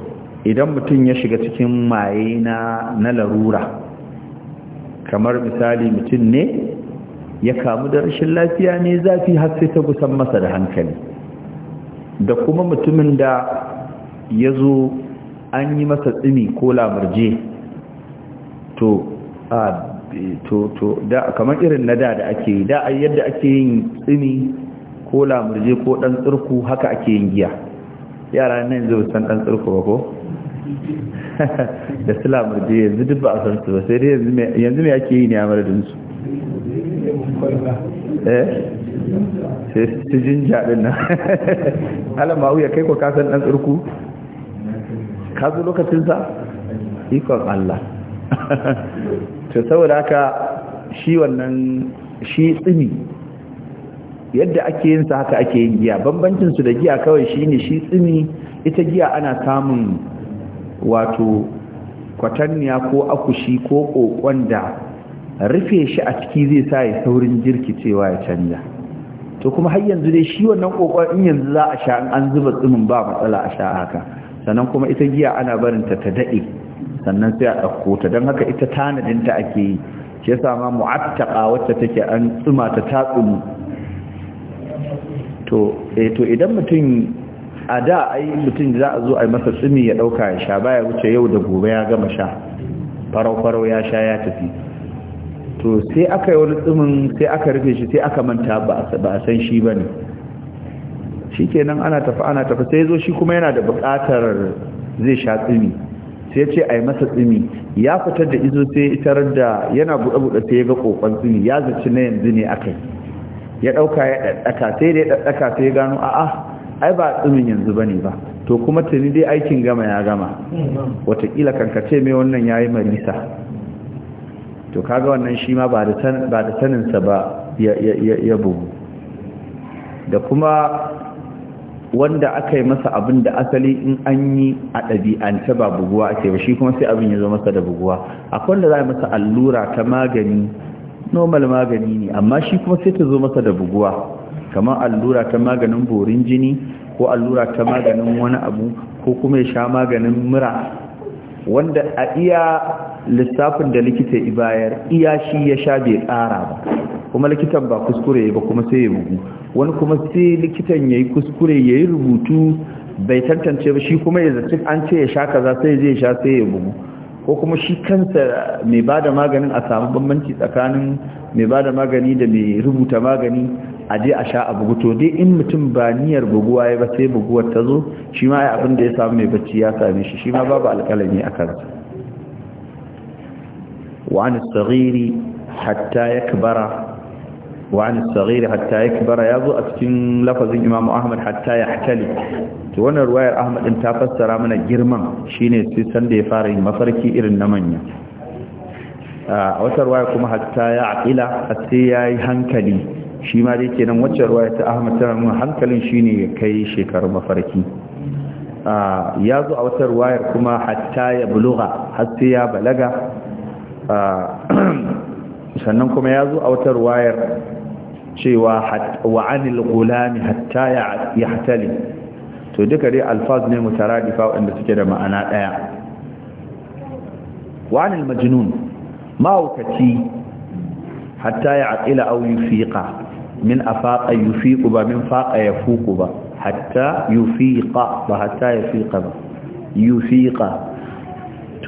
idan mutum ya shiga cikin maye na na larura kamar misali mutum ne ya kamu da rashin lafiya ne zafi har sai ta gusan masa da hankali da kuma mutumin da ya zo an yi masa tsimi ko lamurje to a to to da kamar irin na da da ake yi da yadda ake yin tsimi ko lamurje ko dan tsirku haka ake yin giya yara nan zai san dan tsirku ba ko [laughs] da su lamurje yanzu duk ba a san su ba sai dai yanzu me ake yi ne a madadin su Eh? sai su jinja din nan [laughs] alam kai ko kasan dan tsirku ka zo lokacinsa ikon Allah [laughs] to saboda haka shi wannan shi tsini yadda ake yin haka ake yin giya bambancin da giya kawai shi ne shi tsini ita giya ana samun wato kwatanniya ko akushi ko kokon da rufe shi a ciki zai sa ya saurin cewa ya canja to kuma har yanzu dai shi wannan kokarin yanzu za a sha an zuba tsumin ba matsala a sha haka sannan kuma ita giya ana barin ta ta dade sannan sai a dauko ta dan haka ita tanadin ta ake yi shi yasa ma mu'attaqa wacce take an tsuma ta tsumi to eh to idan mutum a da ai mutum za a zo a yi masa tsumi ya dauka ya sha baya wuce yau da gobe ya gama sha farau farau ya sha ya tafi to sai aka yi wani tsumin sai aka rufe shi sai aka manta ba a san shi ba ne shi kenan ana tafi ana tafi sai zo shi kuma yana da buƙatar zai sha tsumi sai ce a yi masa tsumi ya fitar da izo sai itar da yana buɗe-buɗe sai ya ga ƙoƙon tsumi ya zaci na yanzu ne aka ya ɗauka ya ɗaɗɗaka sai da ya ɗaɗɗaka sai ya gano a'a ai ba tsumin yanzu ba ne ba to kuma tuni dai aikin gama ya gama watakila kankace mai wannan ya yi marisa to kaga wannan shi ma ba da saninsa ba ya bugu da kuma wanda aka yi masa abin da asali in an yi a ta ba buguwa ake ba shi kuma sai abin ya zo masa da buguwa akwai wanda za a masa allura ta magani normal magani ne amma shi kuma sai ta zo masa da buguwa kamar allura ta maganin borin jini ko allura ta maganin wani abu ko kuma ya sha maganin mura wanda a iya lissafin da likita ya bayar iya shi ya sha bai ƙara ba kuma likitan ba kuskure ba kuma sai ya bugu wani kuma sai likitan ya yi kuskure ya yi rubutu bai tantance ba shi kuma ya zaci an ce ya sha kaza sai zai sha sai ya bugu ko kuma shi kansa mai ba da maganin a samu bambanci tsakanin mai ba da magani da mai rubuta magani a je a sha a bugu to dai in mutum ba niyyar buguwa ya ba sai buguwar ta zo shi ma abin da ya samu mai bacci ya same shi shi ma babu alƙalami a kansa وعن الصغير حتى يكبر وعن الصغير حتى يكبر يضو أكتن لفظ الإمام أحمد حتى يحتلي وانا رواية أحمد انت فسر من الجرمان شيني سيسان دي فاري مفركي إرن نمانيا wata ruwaya kuma hatta ya aƙila a sai ya yi hankali shi ma dai kenan wacce ruwaya ta ahmad tana nuna hankalin shi ne kai shekaru mafarki ya a kuma hatta ya buluga har ya balaga [clears throat] sannan kuma ya zo a wata ruwayar cewa wa'anil gulami hatta ya hatali to duka dai alfaz ne mutaradifa waɗanda suke da ma'ana ɗaya wa'anil majnun mahaukaci hatta ya aƙila au yufiƙa min a faƙa yufiƙu ba min faƙa ya fuku ba hatta yufiƙa ba hatta ya fiƙa ba yufiƙa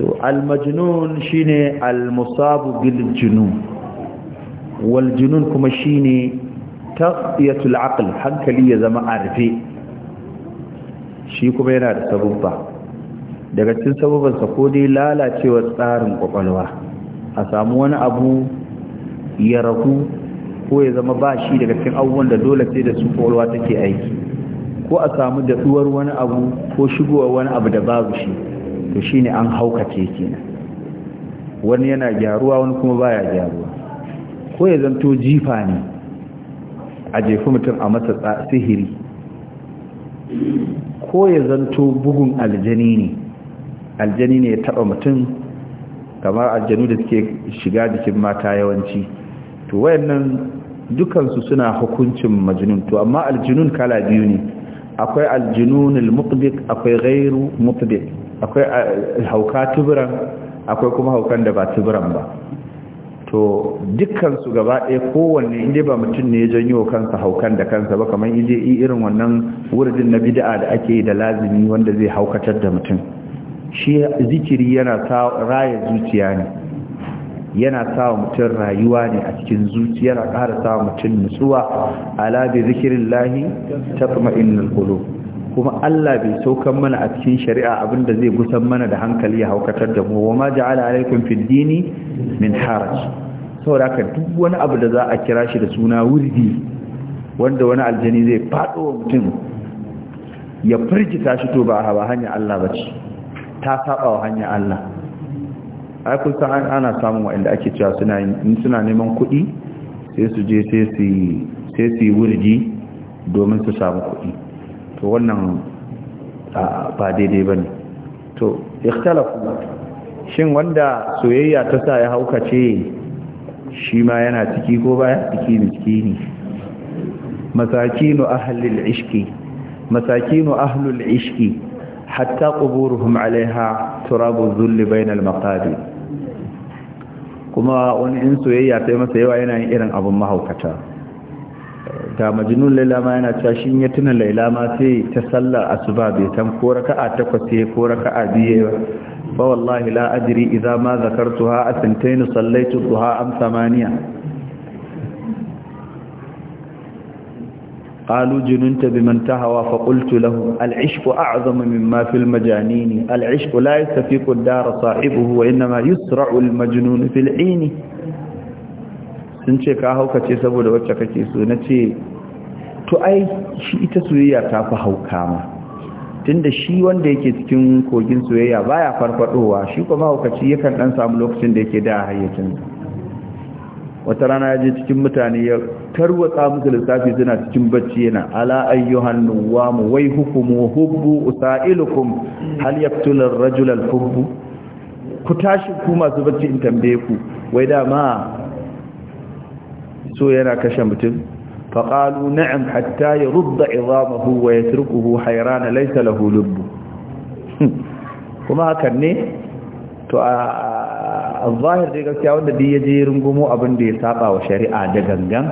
to shi shine almusabu bil junun wal junun kuma shine taqiyatul aql hankali ya zama arfe shi kuma yana da sabubba daga cikin sabubansa ko dai lalacewar tsarin kwakwalwa a samu wani abu ya ragu ko ya zama ba shi daga cikin abubuwan da dole sai da su kwakwalwa take aiki ko a samu daɗuwar wani abu ko shigowa wani abu da babu shi to shine an haukace kenan wani yana gyaruwa wani kuma baya gyaruwa ko ya zanto jifa ne a jefi mutum a masa sihiri ko ya zanto bugun aljani ne aljani ne ya taba mutum kamar aljanu da suke shiga jikin mata yawanci to wayannan dukansu suna hukuncin majnun to amma aljinun kala biyu ne akwai aljinunul muqbiq akwai ghairu muqbiq akwai eh, hauka tuburan akwai kuma haukan da ba tuburan ba to dukkansu gaba ɗaya kowanne inda ba mutum ne ya janyo kansa haukan da kansa ba kamar inda yi irin wannan wurdin na bid'a da ake yi da lazimi wanda zai haukatar da mutum shi zikiri yana sa raya zuciya ne yana sa mutum rayuwa ne a cikin zuciya yana ƙara sa mutum nutsuwa ala bi kuma tatma'innul qulub kuma Allah bai saukan mana a cikin shari'a abinda zai gusan mana da hankali ya haukatar da mu wa ma ja'ala alaikum fid dini min haraj saboda haka duk wani abu da za a kira shi da suna wurdi wanda wani aljani zai fado wa mutum ya firgita shi to ba ba hanya Allah bace ta saba wa hanya Allah ai kun san ana samun wanda ake cewa suna suna neman kuɗi sai su je sai su sai su wurdi domin su samu kuɗi to wannan ba daidai ba ne to ikhtalafu shin wanda soyayya ta sa ya haukace shi ma yana ciki ko baya ciki miski ne masakinu ahlul ishki masakinu ahlul ishki hatta quburuhum alaiha turabu dhulli bainal maqabir kuma wani in soyayya ta masa yawa yana yin irin abun mahaukata ta majnun laila ma yana cewa shi ya tuna laila ma sai ta sallar asuba bai tan ko raka'a takwas sai ko raka'a biye fa wallahi la adri idza ma zakartuha asantayn sallaitu duha am thamaniya قالوا جننت بمن تهوى فقلت له العشق أعظم مما في المجانين العشق لا يستفيق الدار صاحبه وإنما يسرع المجنون في العين sun ce ka haukace saboda wacce kake so na ce to ai shi ita soyayya ta fi hauka ma tunda shi wanda yake cikin kogin soyayya baya farfadowa shi kuma haukaci yakan dan samu lokacin da yake da hayyacin wata rana ya je cikin mutane ya tarwatsa musu lissafi suna cikin bacci yana ala ayyuhan mu wai hukumu hubbu usailukum hal yaqtulu rajul al-hubbu ku tashi ku masu bacci in tambaye ku wai dama so yana kashe mutum faƙalu na'am hatta ya rubda izamahu wa ya turkuhu hairana laisa lahu lubbu [laughs] kuma hakan ne to a zahir dai gaskiya wanda dai ya je rungumo abin da ya saba wa shari'a da gangan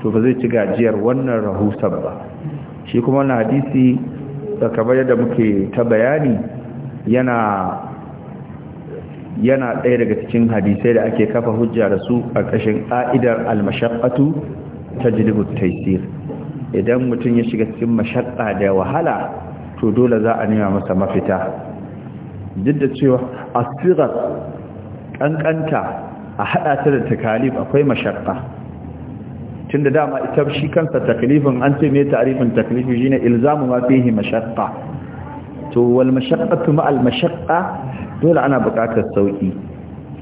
to ba zai ci gajiyar wannan rahusar ba shi kuma wannan hadisi da kamar yadda muke ta bayani yana yana ɗaya daga cikin hadisai da ake kafa hujja da su a ƙashin ƙa'idar ta jirgin taisir idan mutum ya shiga cikin mashaqqa da wahala to dole za a nema masa mafita duk da cewa a asirar ƙanƙanta a haɗa ta da takalif akwai Tun da dama ita shi kansa takalifin an ce mai tarifin taklifi shine ilzamu ma yi mashaqqa to wal mashaqqatu ma al dole ana buƙatar sauƙi.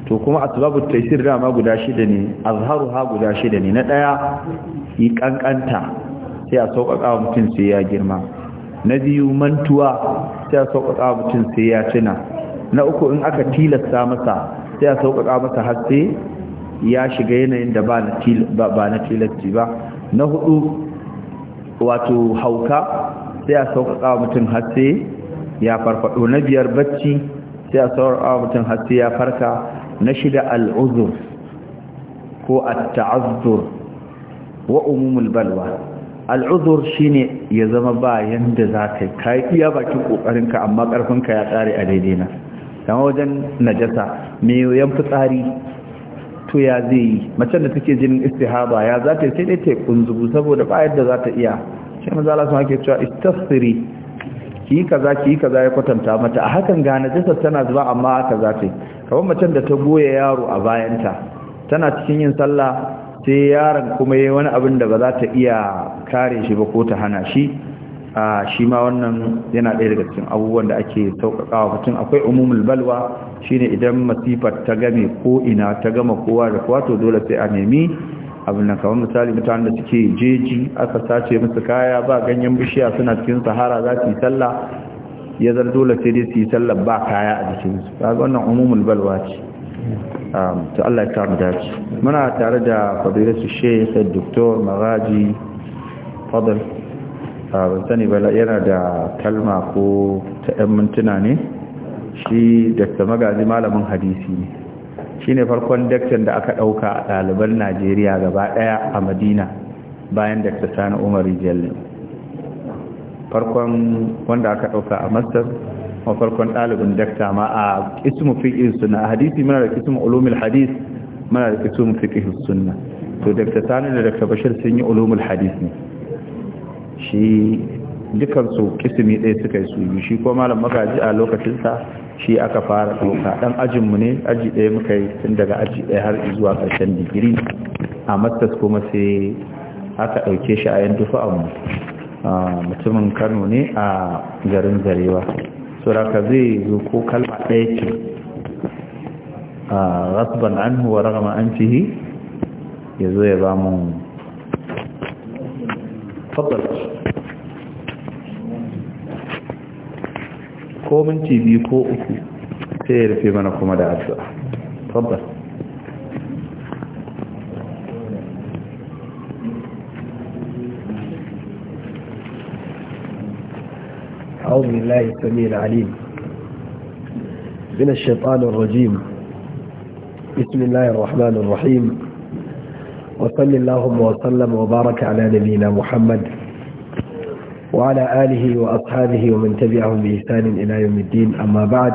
to kuma asbabut taysir dama guda shida ne azharuha guda shida ne na daya yi kankanta sai a sauƙaƙa mutum sai ya girma na biyu mantuwa sai a sauƙaƙa mutum sai ya tuna na uku in aka tilasta masa sai a sauƙaƙa masa har sai ya shiga yanayin da ba na tilasti ba na hudu wato hauka sai a sauƙaƙa mutum har sai ya farfado na biyar bacci sai a awa mutum hasi ya farka na shida al'uzur ko ta'azur wa umumul balwa al'uzur ne ya zama bayan da za ka yi ka yi iya bakin ƙoƙarinka amma ƙarfinka ya tsare a daidai na kama wajen najasa mai yoyon fitsari to ya zai yi macen da take jinin istihaba ya za ta yi sai dai ta yi kunzubu saboda ba yadda za ta iya shi maza lasu ake cewa istasiri ki yi kaza ki yi kaza ya kwatanta mata a hakan ga najasar tana zuba amma haka za ta yi kamar macen da ta goya yaro a bayanta tana cikin yin sallah sai yaron kuma yayi wani abin da ba za ta iya kare shi ba ko ta hana shi a shi ma wannan yana ɗaya daga cikin abubuwan da ake sauƙaƙawa mutum akwai umumul balwa shine idan masifar ta game ko ina ta gama kowa da kowa to dole sai a nemi abin nan kawai misali mutanen da suke jeji aka sace musu kaya ba ganyen bishiya suna cikin sahara za su yi sallah ya zar dole sai dai su yi sallah ba kaya a su jikinsu ga wannan umumul balwa ce um, to Allah ya kama dace muna tare da fadilatu sheikh doktor Maraji fadl uh, ban sani ba yana da kalma ko ta 'yan mintuna ne shi da magaji malamin hadisi ne shine farkon daktar da aka ɗauka a ɗaliban najeriya gaba ɗaya a madina bayan dakta sani umar jalli farkon wanda aka ɗauka a masar ma farkon ɗalibin dakta ma a ismu fiƙin suna a hadisi mana da ismu ulumul hadis mana da ismu fiƙin suna to dakta sani da dakta bashir sun yi ulumul hadis ne shi dukansu kisimi ɗaya suka yi su yi shi ko malam magaji a lokacinsa shi aka fara ɗauka ɗan ajinmu ne aji ɗaya muka yi tun daga aji ɗaya har zuwa ƙarshen digiri a matas kuma sai aka ɗauke shi a yan a mutumin kano ne a garin zarewa suraka zai zo ko kalma ɗaya ce rasban an huwa rama an fihi ya zo ya ba mu fadar ko minti biyu ko uku sai ya rufe mana kuma da addu'a Tabba. أعوذ بالله السميع العليم من الشيطان الرجيم بسم الله الرحمن الرحيم وصل اللهم وسلم وبارك على نبينا محمد وعلى آله وأصحابه ومن تبعهم بإحسان إلى يوم الدين أما بعد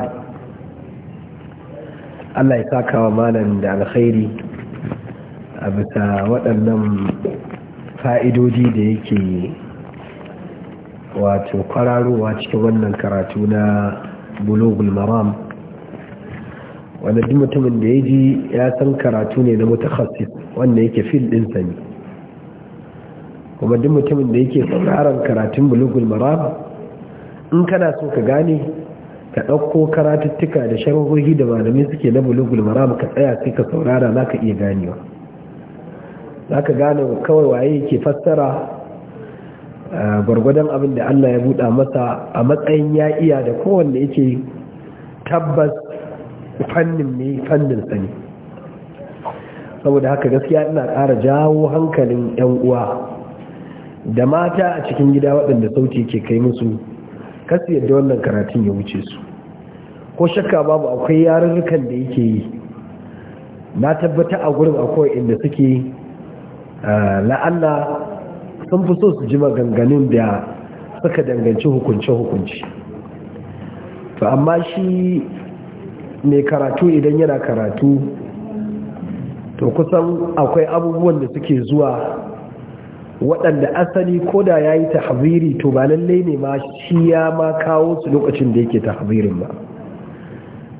Allah ya saka wa malam da alkhairi a bisa waɗannan fa'idodi da yake wato kwararowa cikin wannan karatu na bulogul maram wanda mutumin da ya ji ya san karatu ne na mutakhasis wanda yake fil ɗinsa ne kuma duk mutumin da yake sauraron karatun bulugul maram in kana so ka gane ka ɗauko karatuttuka da sharhohi da malamai suke na bulugul maram ka tsaya sai ka saurara za ka iya ganewa za ka gane kawai waye ke fassara gwargwadon abin da allah ya buɗa masa a matsayin ya iya da kowanne yake tabbas fannin ne fannin sani saboda haka gaskiya ina ƙara jawo hankalin 'yan uwa da mata a cikin gida waɗanda sauti ke kai musu kasu yadda wannan karatun ya wuce su ko shakka babu akwai yarurrukan da yake yi na tabbata a gurin akwai inda suke ah, la'alla sun fi so su ji maganganun da suka danganci hukunce-hukunce to amma shi mai karatu idan yana karatu to kusan akwai abubuwan da suke zuwa waɗanda asali ko da ya yi tahziri to ba lallai ne ma shi ya ma kawo su lokacin da yake tahzirin ba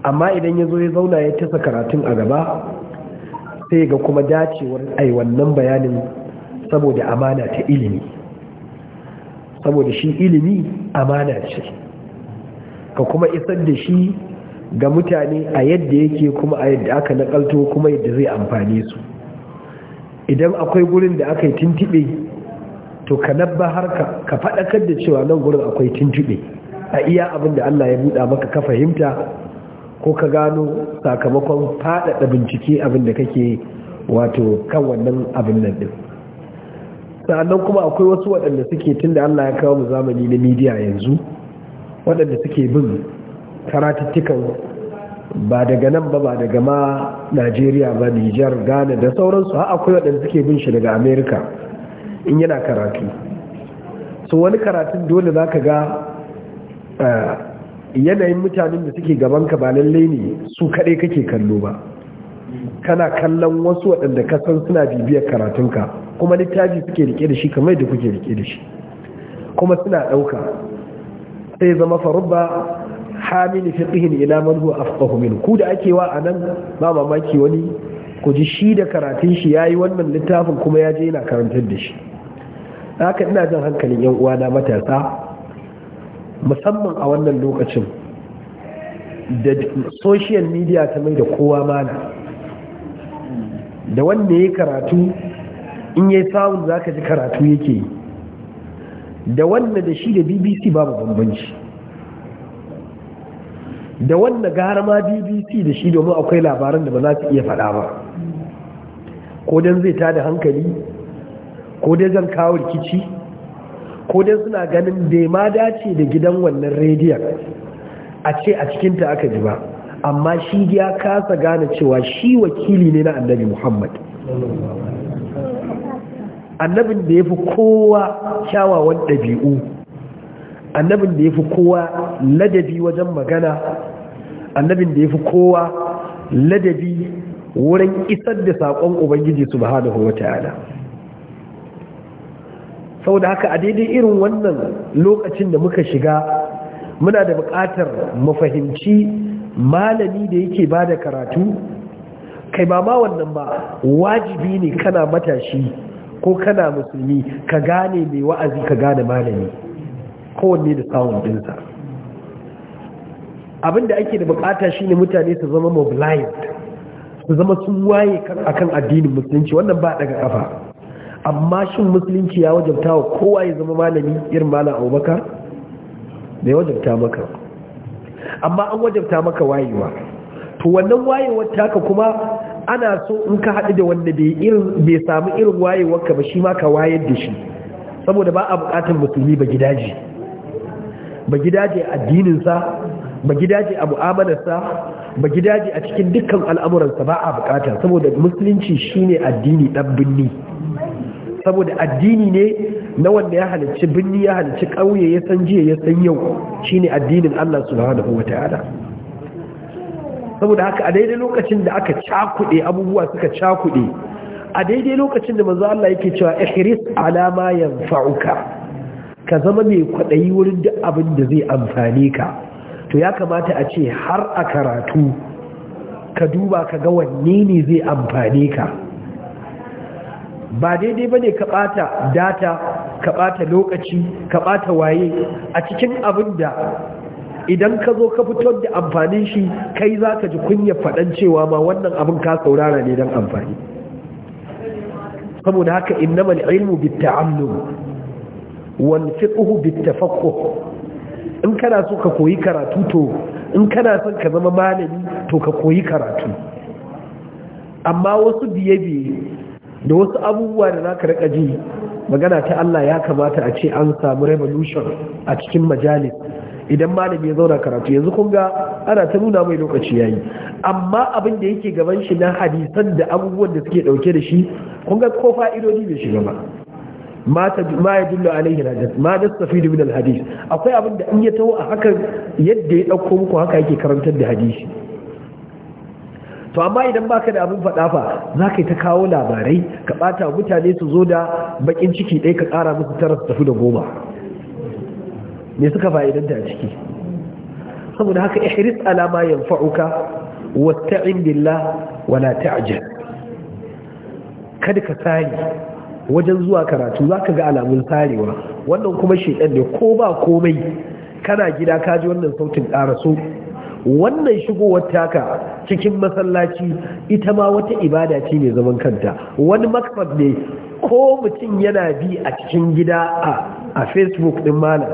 amma idan ya zo ya zauna ya tasa karatun a gaba sai ga kuma dacewar ai wannan bayanin saboda amana ta ilimi saboda shi ilimi amana ce ka kuma isar da shi ga mutane a yadda yake kuma a yadda aka nakalto kuma yadda zai amfane su idan akwai gurin da aka yi tuntube to ka nabba har ka faɗakar da cewa nan gurin akwai tuntuɓe a iya abin da Allah ya buɗa maka ka fahimta ko ka gano sakamakon faɗaɗa bincike abin da kake wato kan wannan abin nan ɗin sa'annan kuma akwai wasu waɗanda suke tun da Allah ya kawo mu zamani na midiya yanzu waɗanda suke bin karatuttukan ba daga nan ba ba daga ma Najeriya ba Nijar Ghana da sauransu har akwai waɗanda suke bin shi daga Amerika in yana karatu so wani karatun dole za ka ga eh, yanayin mutanen da suke gabanka ba lallai ne su kaɗai kake kallo ba kana kallon wasu waɗanda ka san suna bibiyar karatunka kuma littafi suke rike da shi kamar da kuke rike da shi kuma suna ɗauka sai zama farubba hamili fiqihin ila man huwa afqahu min ku da ake wa anan ba mamaki wani ku ji shi da karatun shi yayi wannan littafin kuma ya je yana karantar da shi haka ina jan hankalin yan uwana matasa musamman a wannan lokacin da social media ta mai da kowa mana da wanda ya karatu in ya samun za ka ji karatu yake yi da wanda da shi da bbc babu bambanci da wanda gara ma bbc da shi domin akwai labaran da ba za su iya faɗa ba ko don zai ta da hankali ko dai zan kawo rikici ko dai suna ganin da ma dace da gidan wannan rediyon a ce a cikinta aka ji ba amma shi ya kasa gane cewa shi wakili ne na annabi muhammad annabin da ya fi kowa kyawawan ɗabi'u annabin da ya fi kowa ladabi wajen magana annabin da ya fi kowa ladabi wurin isar da saƙon ubangiji su ba subhanahu wata ta'ala saboda haka a daidai irin wannan lokacin da muka shiga muna da buƙatar mu malami da yake ba da karatu kai ba ma wannan ba wajibi ne kana matashi ko kana musulmi ka gane mai wa'azi ka gane malami kowanne da samun dinsa abinda ake da bukata ne mutane su zama mobilized su zama sun waye akan addinin musulunci wannan ba daga kafa amma shin musulunci ya wajabta wa kowa ya zama malami irin malam abubakar bai wajabta maka amma an wajabta maka wayewa to wannan wayewar taka kuma ana so in ka haɗu da wanda bai sami irin wayewar ka ba shi ma ka wayar da shi saboda ba a buƙatar musulmi ba gidaje ba gidaje a addininsa ba gidaje a mu'amalarsa ba gidaje a cikin dukkan al'amuransa ba a bukata saboda musulunci shine addini ɗan birni. saboda addini ne na wanda ya halicci birni, ya halicci ƙauye ya san jiya ya san yau shine addinin Allah subhanahu ta'ala saboda haka a daidai lokacin da aka cakuɗe abubuwa suka cakuɗe a daidai lokacin da manzo Allah yake cewa ihris alama ma yanfa'uka ka zama mai kwaɗayi wurin duk abin da zai amfane ka to ya kamata a ce har a karatu ka duba ka ga wanne ne zai amfane ka ba daidai ba ne ka ɓata data ka ɓata lokaci ka ɓata waye a cikin abin da idan ka zo ka fitar da amfanin shi kai za ka ji kunya faɗan cewa ma wannan abin ka saurara ne don amfani saboda haka innamal ilmu bit ta'allum wal fiqhu bit tafaqquh in kana so ka koyi karatu to in kana son ka zama malami to ka koyi karatu amma wasu biye-biye da wasu abubuwa da zaka rika ji magana ta Allah ya kamata a ce an samu revolution a cikin majalis idan malami ya zauna karatu yanzu kun ga ana ta nuna mai lokaci yayi amma abin da yake gaban shi na hadisan da abubuwan da suke dauke da shi kun ga ko fa'idodi bai shiga ba ma ta ma yadullu alaihi najat ma nastafidu min alhadith akwai abin da in ya taho a haka yadda ya dauko muku haka yake karantar da hadisi to amma idan baka da abin faɗa fa za ka yi ta kawo labarai ka ɓata mutane su zo da baƙin ciki ɗaya ka ƙara musu tara su tafi da goma me suka fa'idanta a ciki saboda haka ihris alama yanfa'uka wasta'in billah wala ta'jal kada ka tsari wajen zuwa karatu za ka ga alamun tsarewa wannan kuma ɗan ne ko ba komai kana gida ka ji wannan sautin ƙaraso wannan shigowar taka cikin masallaci ita ma wata ibada ce mai zaman kanta wani makfad ne ko mutum yana bi a cikin gida a facebook din malam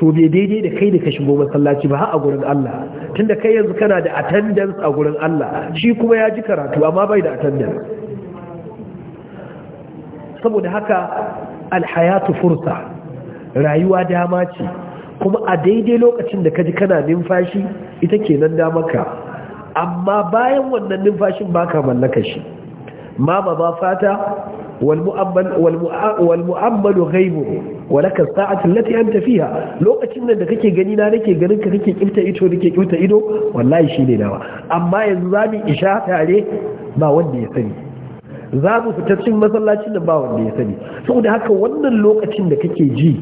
to bai daidai da kai da ka shigo masallaci ba a gurin Allah tunda kai yanzu kana da attendance a gurin Allah shi kuma ya ji karatu amma bai da attendance saboda haka alhayatu fursa rayuwa dama ce kuma a daidai lokacin da ka ji kana numfashi ita kenan damaka, amma bayan wannan numfashin baka mallaka shi ma ba ba fata wal ghaibu wa laka sa'atu anta fiha lokacin nan da kake gani na nake ganin ka kake kifta ido nake kifta ido wallahi shine nawa amma yanzu zamu isha tare ba wanda ya sani za mu fita cikin masallacin da ba wanda ya sani saboda haka wannan lokacin da kake ji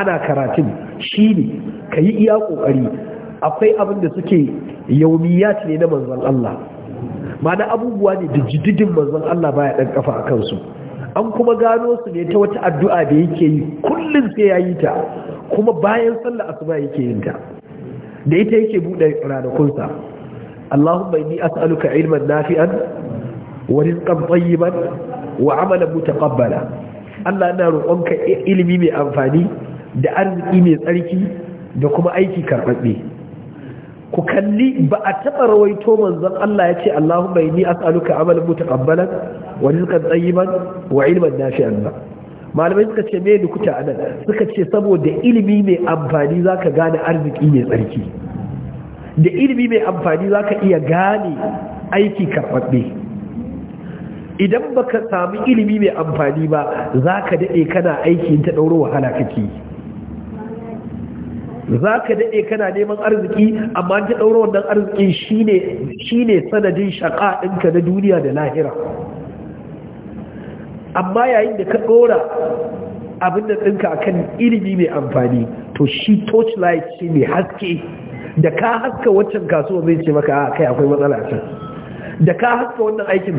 ana karatun shi ne ka yi iya ƙoƙari akwai abin da suke yaumiyat ne na manzon Allah ma'ana abubuwa ne da jididin manzon Allah baya ɗan ƙafa a kansu an kuma gano su ne ta wata addu'a da yake yi kullum sai ya yi ta kuma bayan sallah asuba yake yin ta da ita yake buɗe ranakunsa Allahumma asalu as'aluka ilman nafi'an wani rizqan man, wa amalan mutaqabbala Allah ina roƙonka ilimi mai amfani da arziki mai tsarki da kuma aiki karɓaɓɓe ku kalli ba a taɓa rawaito manzon Allah ya ce ni Allahumma inni as'aluka amalan wani wa tsayi man wa ilman fi ba malamai suka ce mai dukuta anan suka ce saboda ilimi mai amfani za ka gane arziki mai tsarki da ilimi mai amfani za ka iya gane aiki karɓaɓɓe idan baka samu ilimi mai amfani ba za ka daɗe kana aiki ta ɗauro wahala kake yi za ka daɗe kana neman arziki amma ta ɗaura wannan arzikin shi ne sanadin shaƙa ɗinka na duniya da lahira amma yayin da ka ɗora abin da ɗinka a kan ilimi mai amfani to shi torchlight shi mai haske da ka haska waccan kasuwa zai ce maka ah, kai akwai matsala a can da ka haska wannan aikin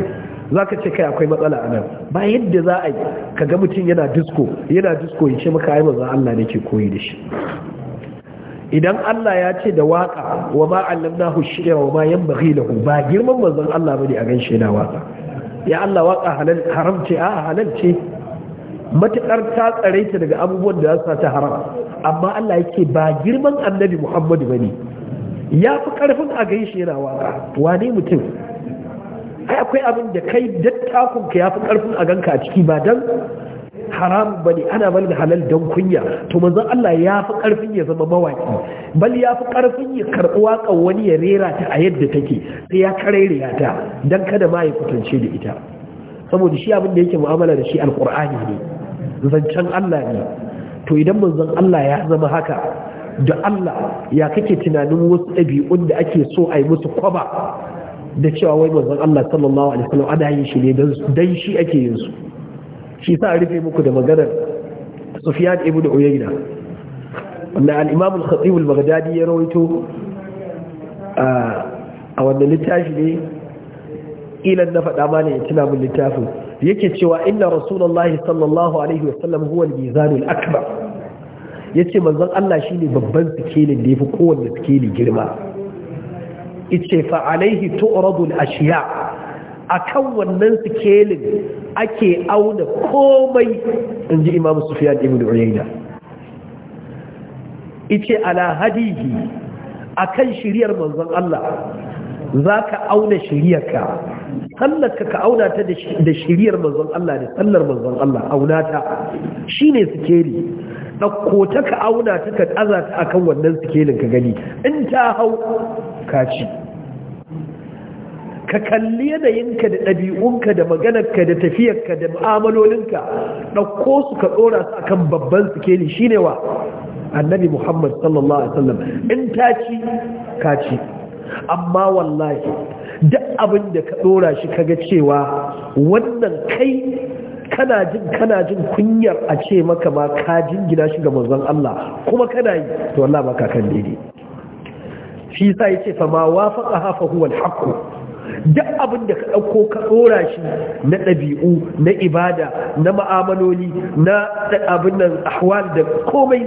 za ka ce kai akwai matsala a nan ba yadda za a yi ka ga mutum yana disko yana disko ya ce maka ai maza Allah ne ke koyi da shi idan Allah ya ce da waka wa ma allamnahu shi'a wa ma yanbaghi lahu ba girman manzon Allah bane a ganshe na waka ya Allah waka halal haram ce a halal ce matakar ta tsare ta daga abubuwan da za ta haram amma Allah yake ba girman annabi Muhammadu bane ya fi karfin a ganshe na waka wane mutum ai akwai abin da kai dattakun ka ya fi karfin a ganka a ciki ba dan haram bane ana bal da halal dan kunya to manzon Allah ya fi karfin ya zama mawaki bal ya fi karfin ya karɓi waƙar wani ya rera ta a yadda take sai ya karairiya ta dan kada ma ya kutance da ita saboda shi abin da yake mu'amala da shi alqur'ani ne zancen Allah ne to idan manzon Allah ya zama haka da Allah ya kake tunanin wasu ɗabi'un da ake so a yi musu kwaba da cewa wai manzon Allah sallallahu alaihi wasallam ana yin shi ne dan shi ake yin su shi sa rufe muku da maganar Sufyan ibn Uyayna wanda al-Imam al-Khatib al-Baghdadi ya rawaito a wanda littafi ne ilan na faɗa ma ne ya tuna min littafin yake cewa inna rasulullahi sallallahu alaihi wasallam huwa al-mizanul akbar yace manzon Allah shine babban sikelin da yafi kowanne sikeli girma ice fa alaihi tu'radu al-ashiya' a kan wannan sikelin ake auna komai in ji imam da ibn uyayna ice ala hadihi a kan shiriyar manzon Allah za ka auna shiriyarka sallarka ka auna ta da shiriyar manzon Allah da sallar manzon Allah auna ta shi ne sikeli ɗauko ta ka auna ta ka ƙaza ta kan wannan sikelin ka gani in ta hau ka ci ka kalli yanayinka da ɗabi'unka da maganarka da tafiyarka da mu'amalolinka ɗauko su ka ɗora su akan babban sikeli shine wa annabi muhammad sallallahu alaihi wasallam in ta ci ka ci amma wallahi duk abin da ka ɗora shi ka ga cewa wannan kai kana jin kana jin kunyar a ce maka ma ka jingina shi ga manzon Allah kuma kana yi to wallahi ba ka kan daidai shi yasa yace fa ma wafaqa hafa huwa al duk abin da ka ɗauko ka tsora shi na ɗabi'u na ibada na ma'amaloli na abin nan ahwal da komai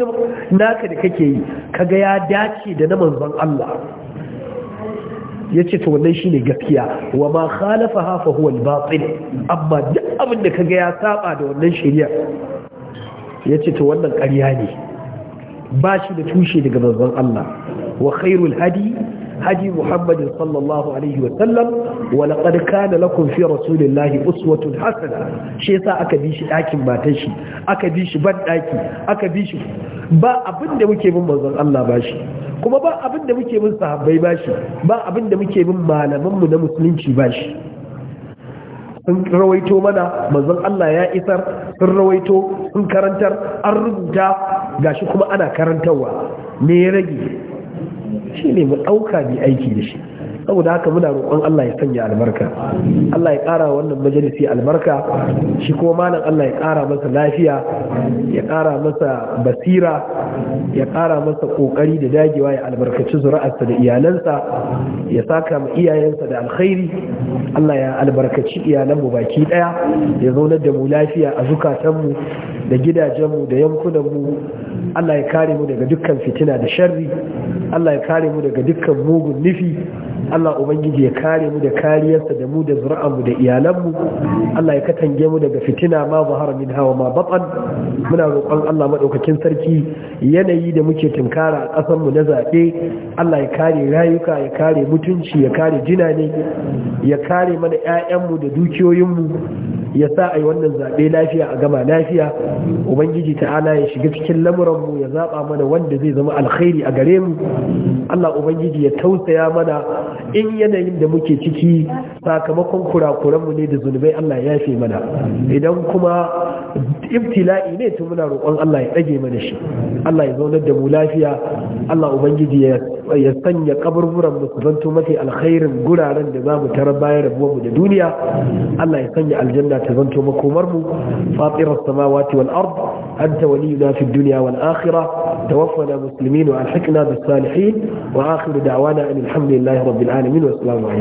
naka da kake yi kaga ya dace da na manzon Allah ya ce ta wannan ne gaskiya wa ma khalafa hafa huwa al-batil amma duk abin da kaga ya saba da wannan shari'a ya ce ta wannan ƙarya ne ba shi da tushe daga manzon Allah wa khairul hadi هدي محمد صلى الله عليه وسلم ولقد كان لكم في رسول الله أسوة حسنة شيء سا أكا بيش أكي ما تشي أكا بيش بد أكي أكا بيش با أبن دمكي من منظر الله باشي كما با أبن دمكي من صحابي باشي با أبن دمكي من مالا من مسلمشي باشي sun rawaito mana manzon Allah ya isar sun rawaito sun karantar an rubuta gashi kuma ana karantarwa me ya rage shi ne mu ɗauka bi aiki da shi saboda haka muna roƙon Allah ya sanya albarka Allah ya ƙara wannan majalisi albarka shi kuma malam Allah ya ƙara masa lafiya ya ƙara masa basira ya ƙara masa ƙoƙari da dagewa ya albarkaci zuri'arsa da iyalansa ya saka ma iyayensa da alkhairi Allah ya albarkaci iyalanmu baki ɗaya ya zaunar da mu lafiya a zukatanmu da gidajenmu da yankunanmu Allah ya kare mu daga dukkan fitina da sharri Allah ya kare mu daga dukkan mugun nufi Allah ubangiji ya kare mu da kariyarsa da mu da zuri'anmu da iyalanmu Allah ya katange mu daga fitina ma zahara min hawa ma muna roƙon Allah madaukakin sarki yanayi da muke tunkara a ƙasar mu na zaɓe Allah ya kare rayuka ya kare mutunci ya kare jinane ya kare mana ƴaƴanmu da dukiyoyinmu ya sa a yi wannan zaɓe lafiya a gama lafiya ubangiji ta'ala ya shiga cikin lamuranmu ya zaɓa mana wanda zai zama alkhairi a gare mu Allah ubangiji ya tausaya mana in yanayin da muke ciki sakamakon kurakuranmu ne da zunubai Allah ya yafe mana idan kuma ibtila'i ne to muna roƙon Allah ya ɗage mana shi Allah ya zaunar da mu lafiya Allah ubangiji ya sanya kaburburan mu su zanto mafi alkhairin guraren da za mu tara bayan rabuwar mu da duniya Allah ya sanya aljanna ta zanto makomar mu fatirar samawati wal ard anta waliyuna fid dunya wal akhirah tawaffana muslimin wa alhaqna bis salihin wa akhiru da'wana alhamdulillahi rabbil العالمين والسلام عليكم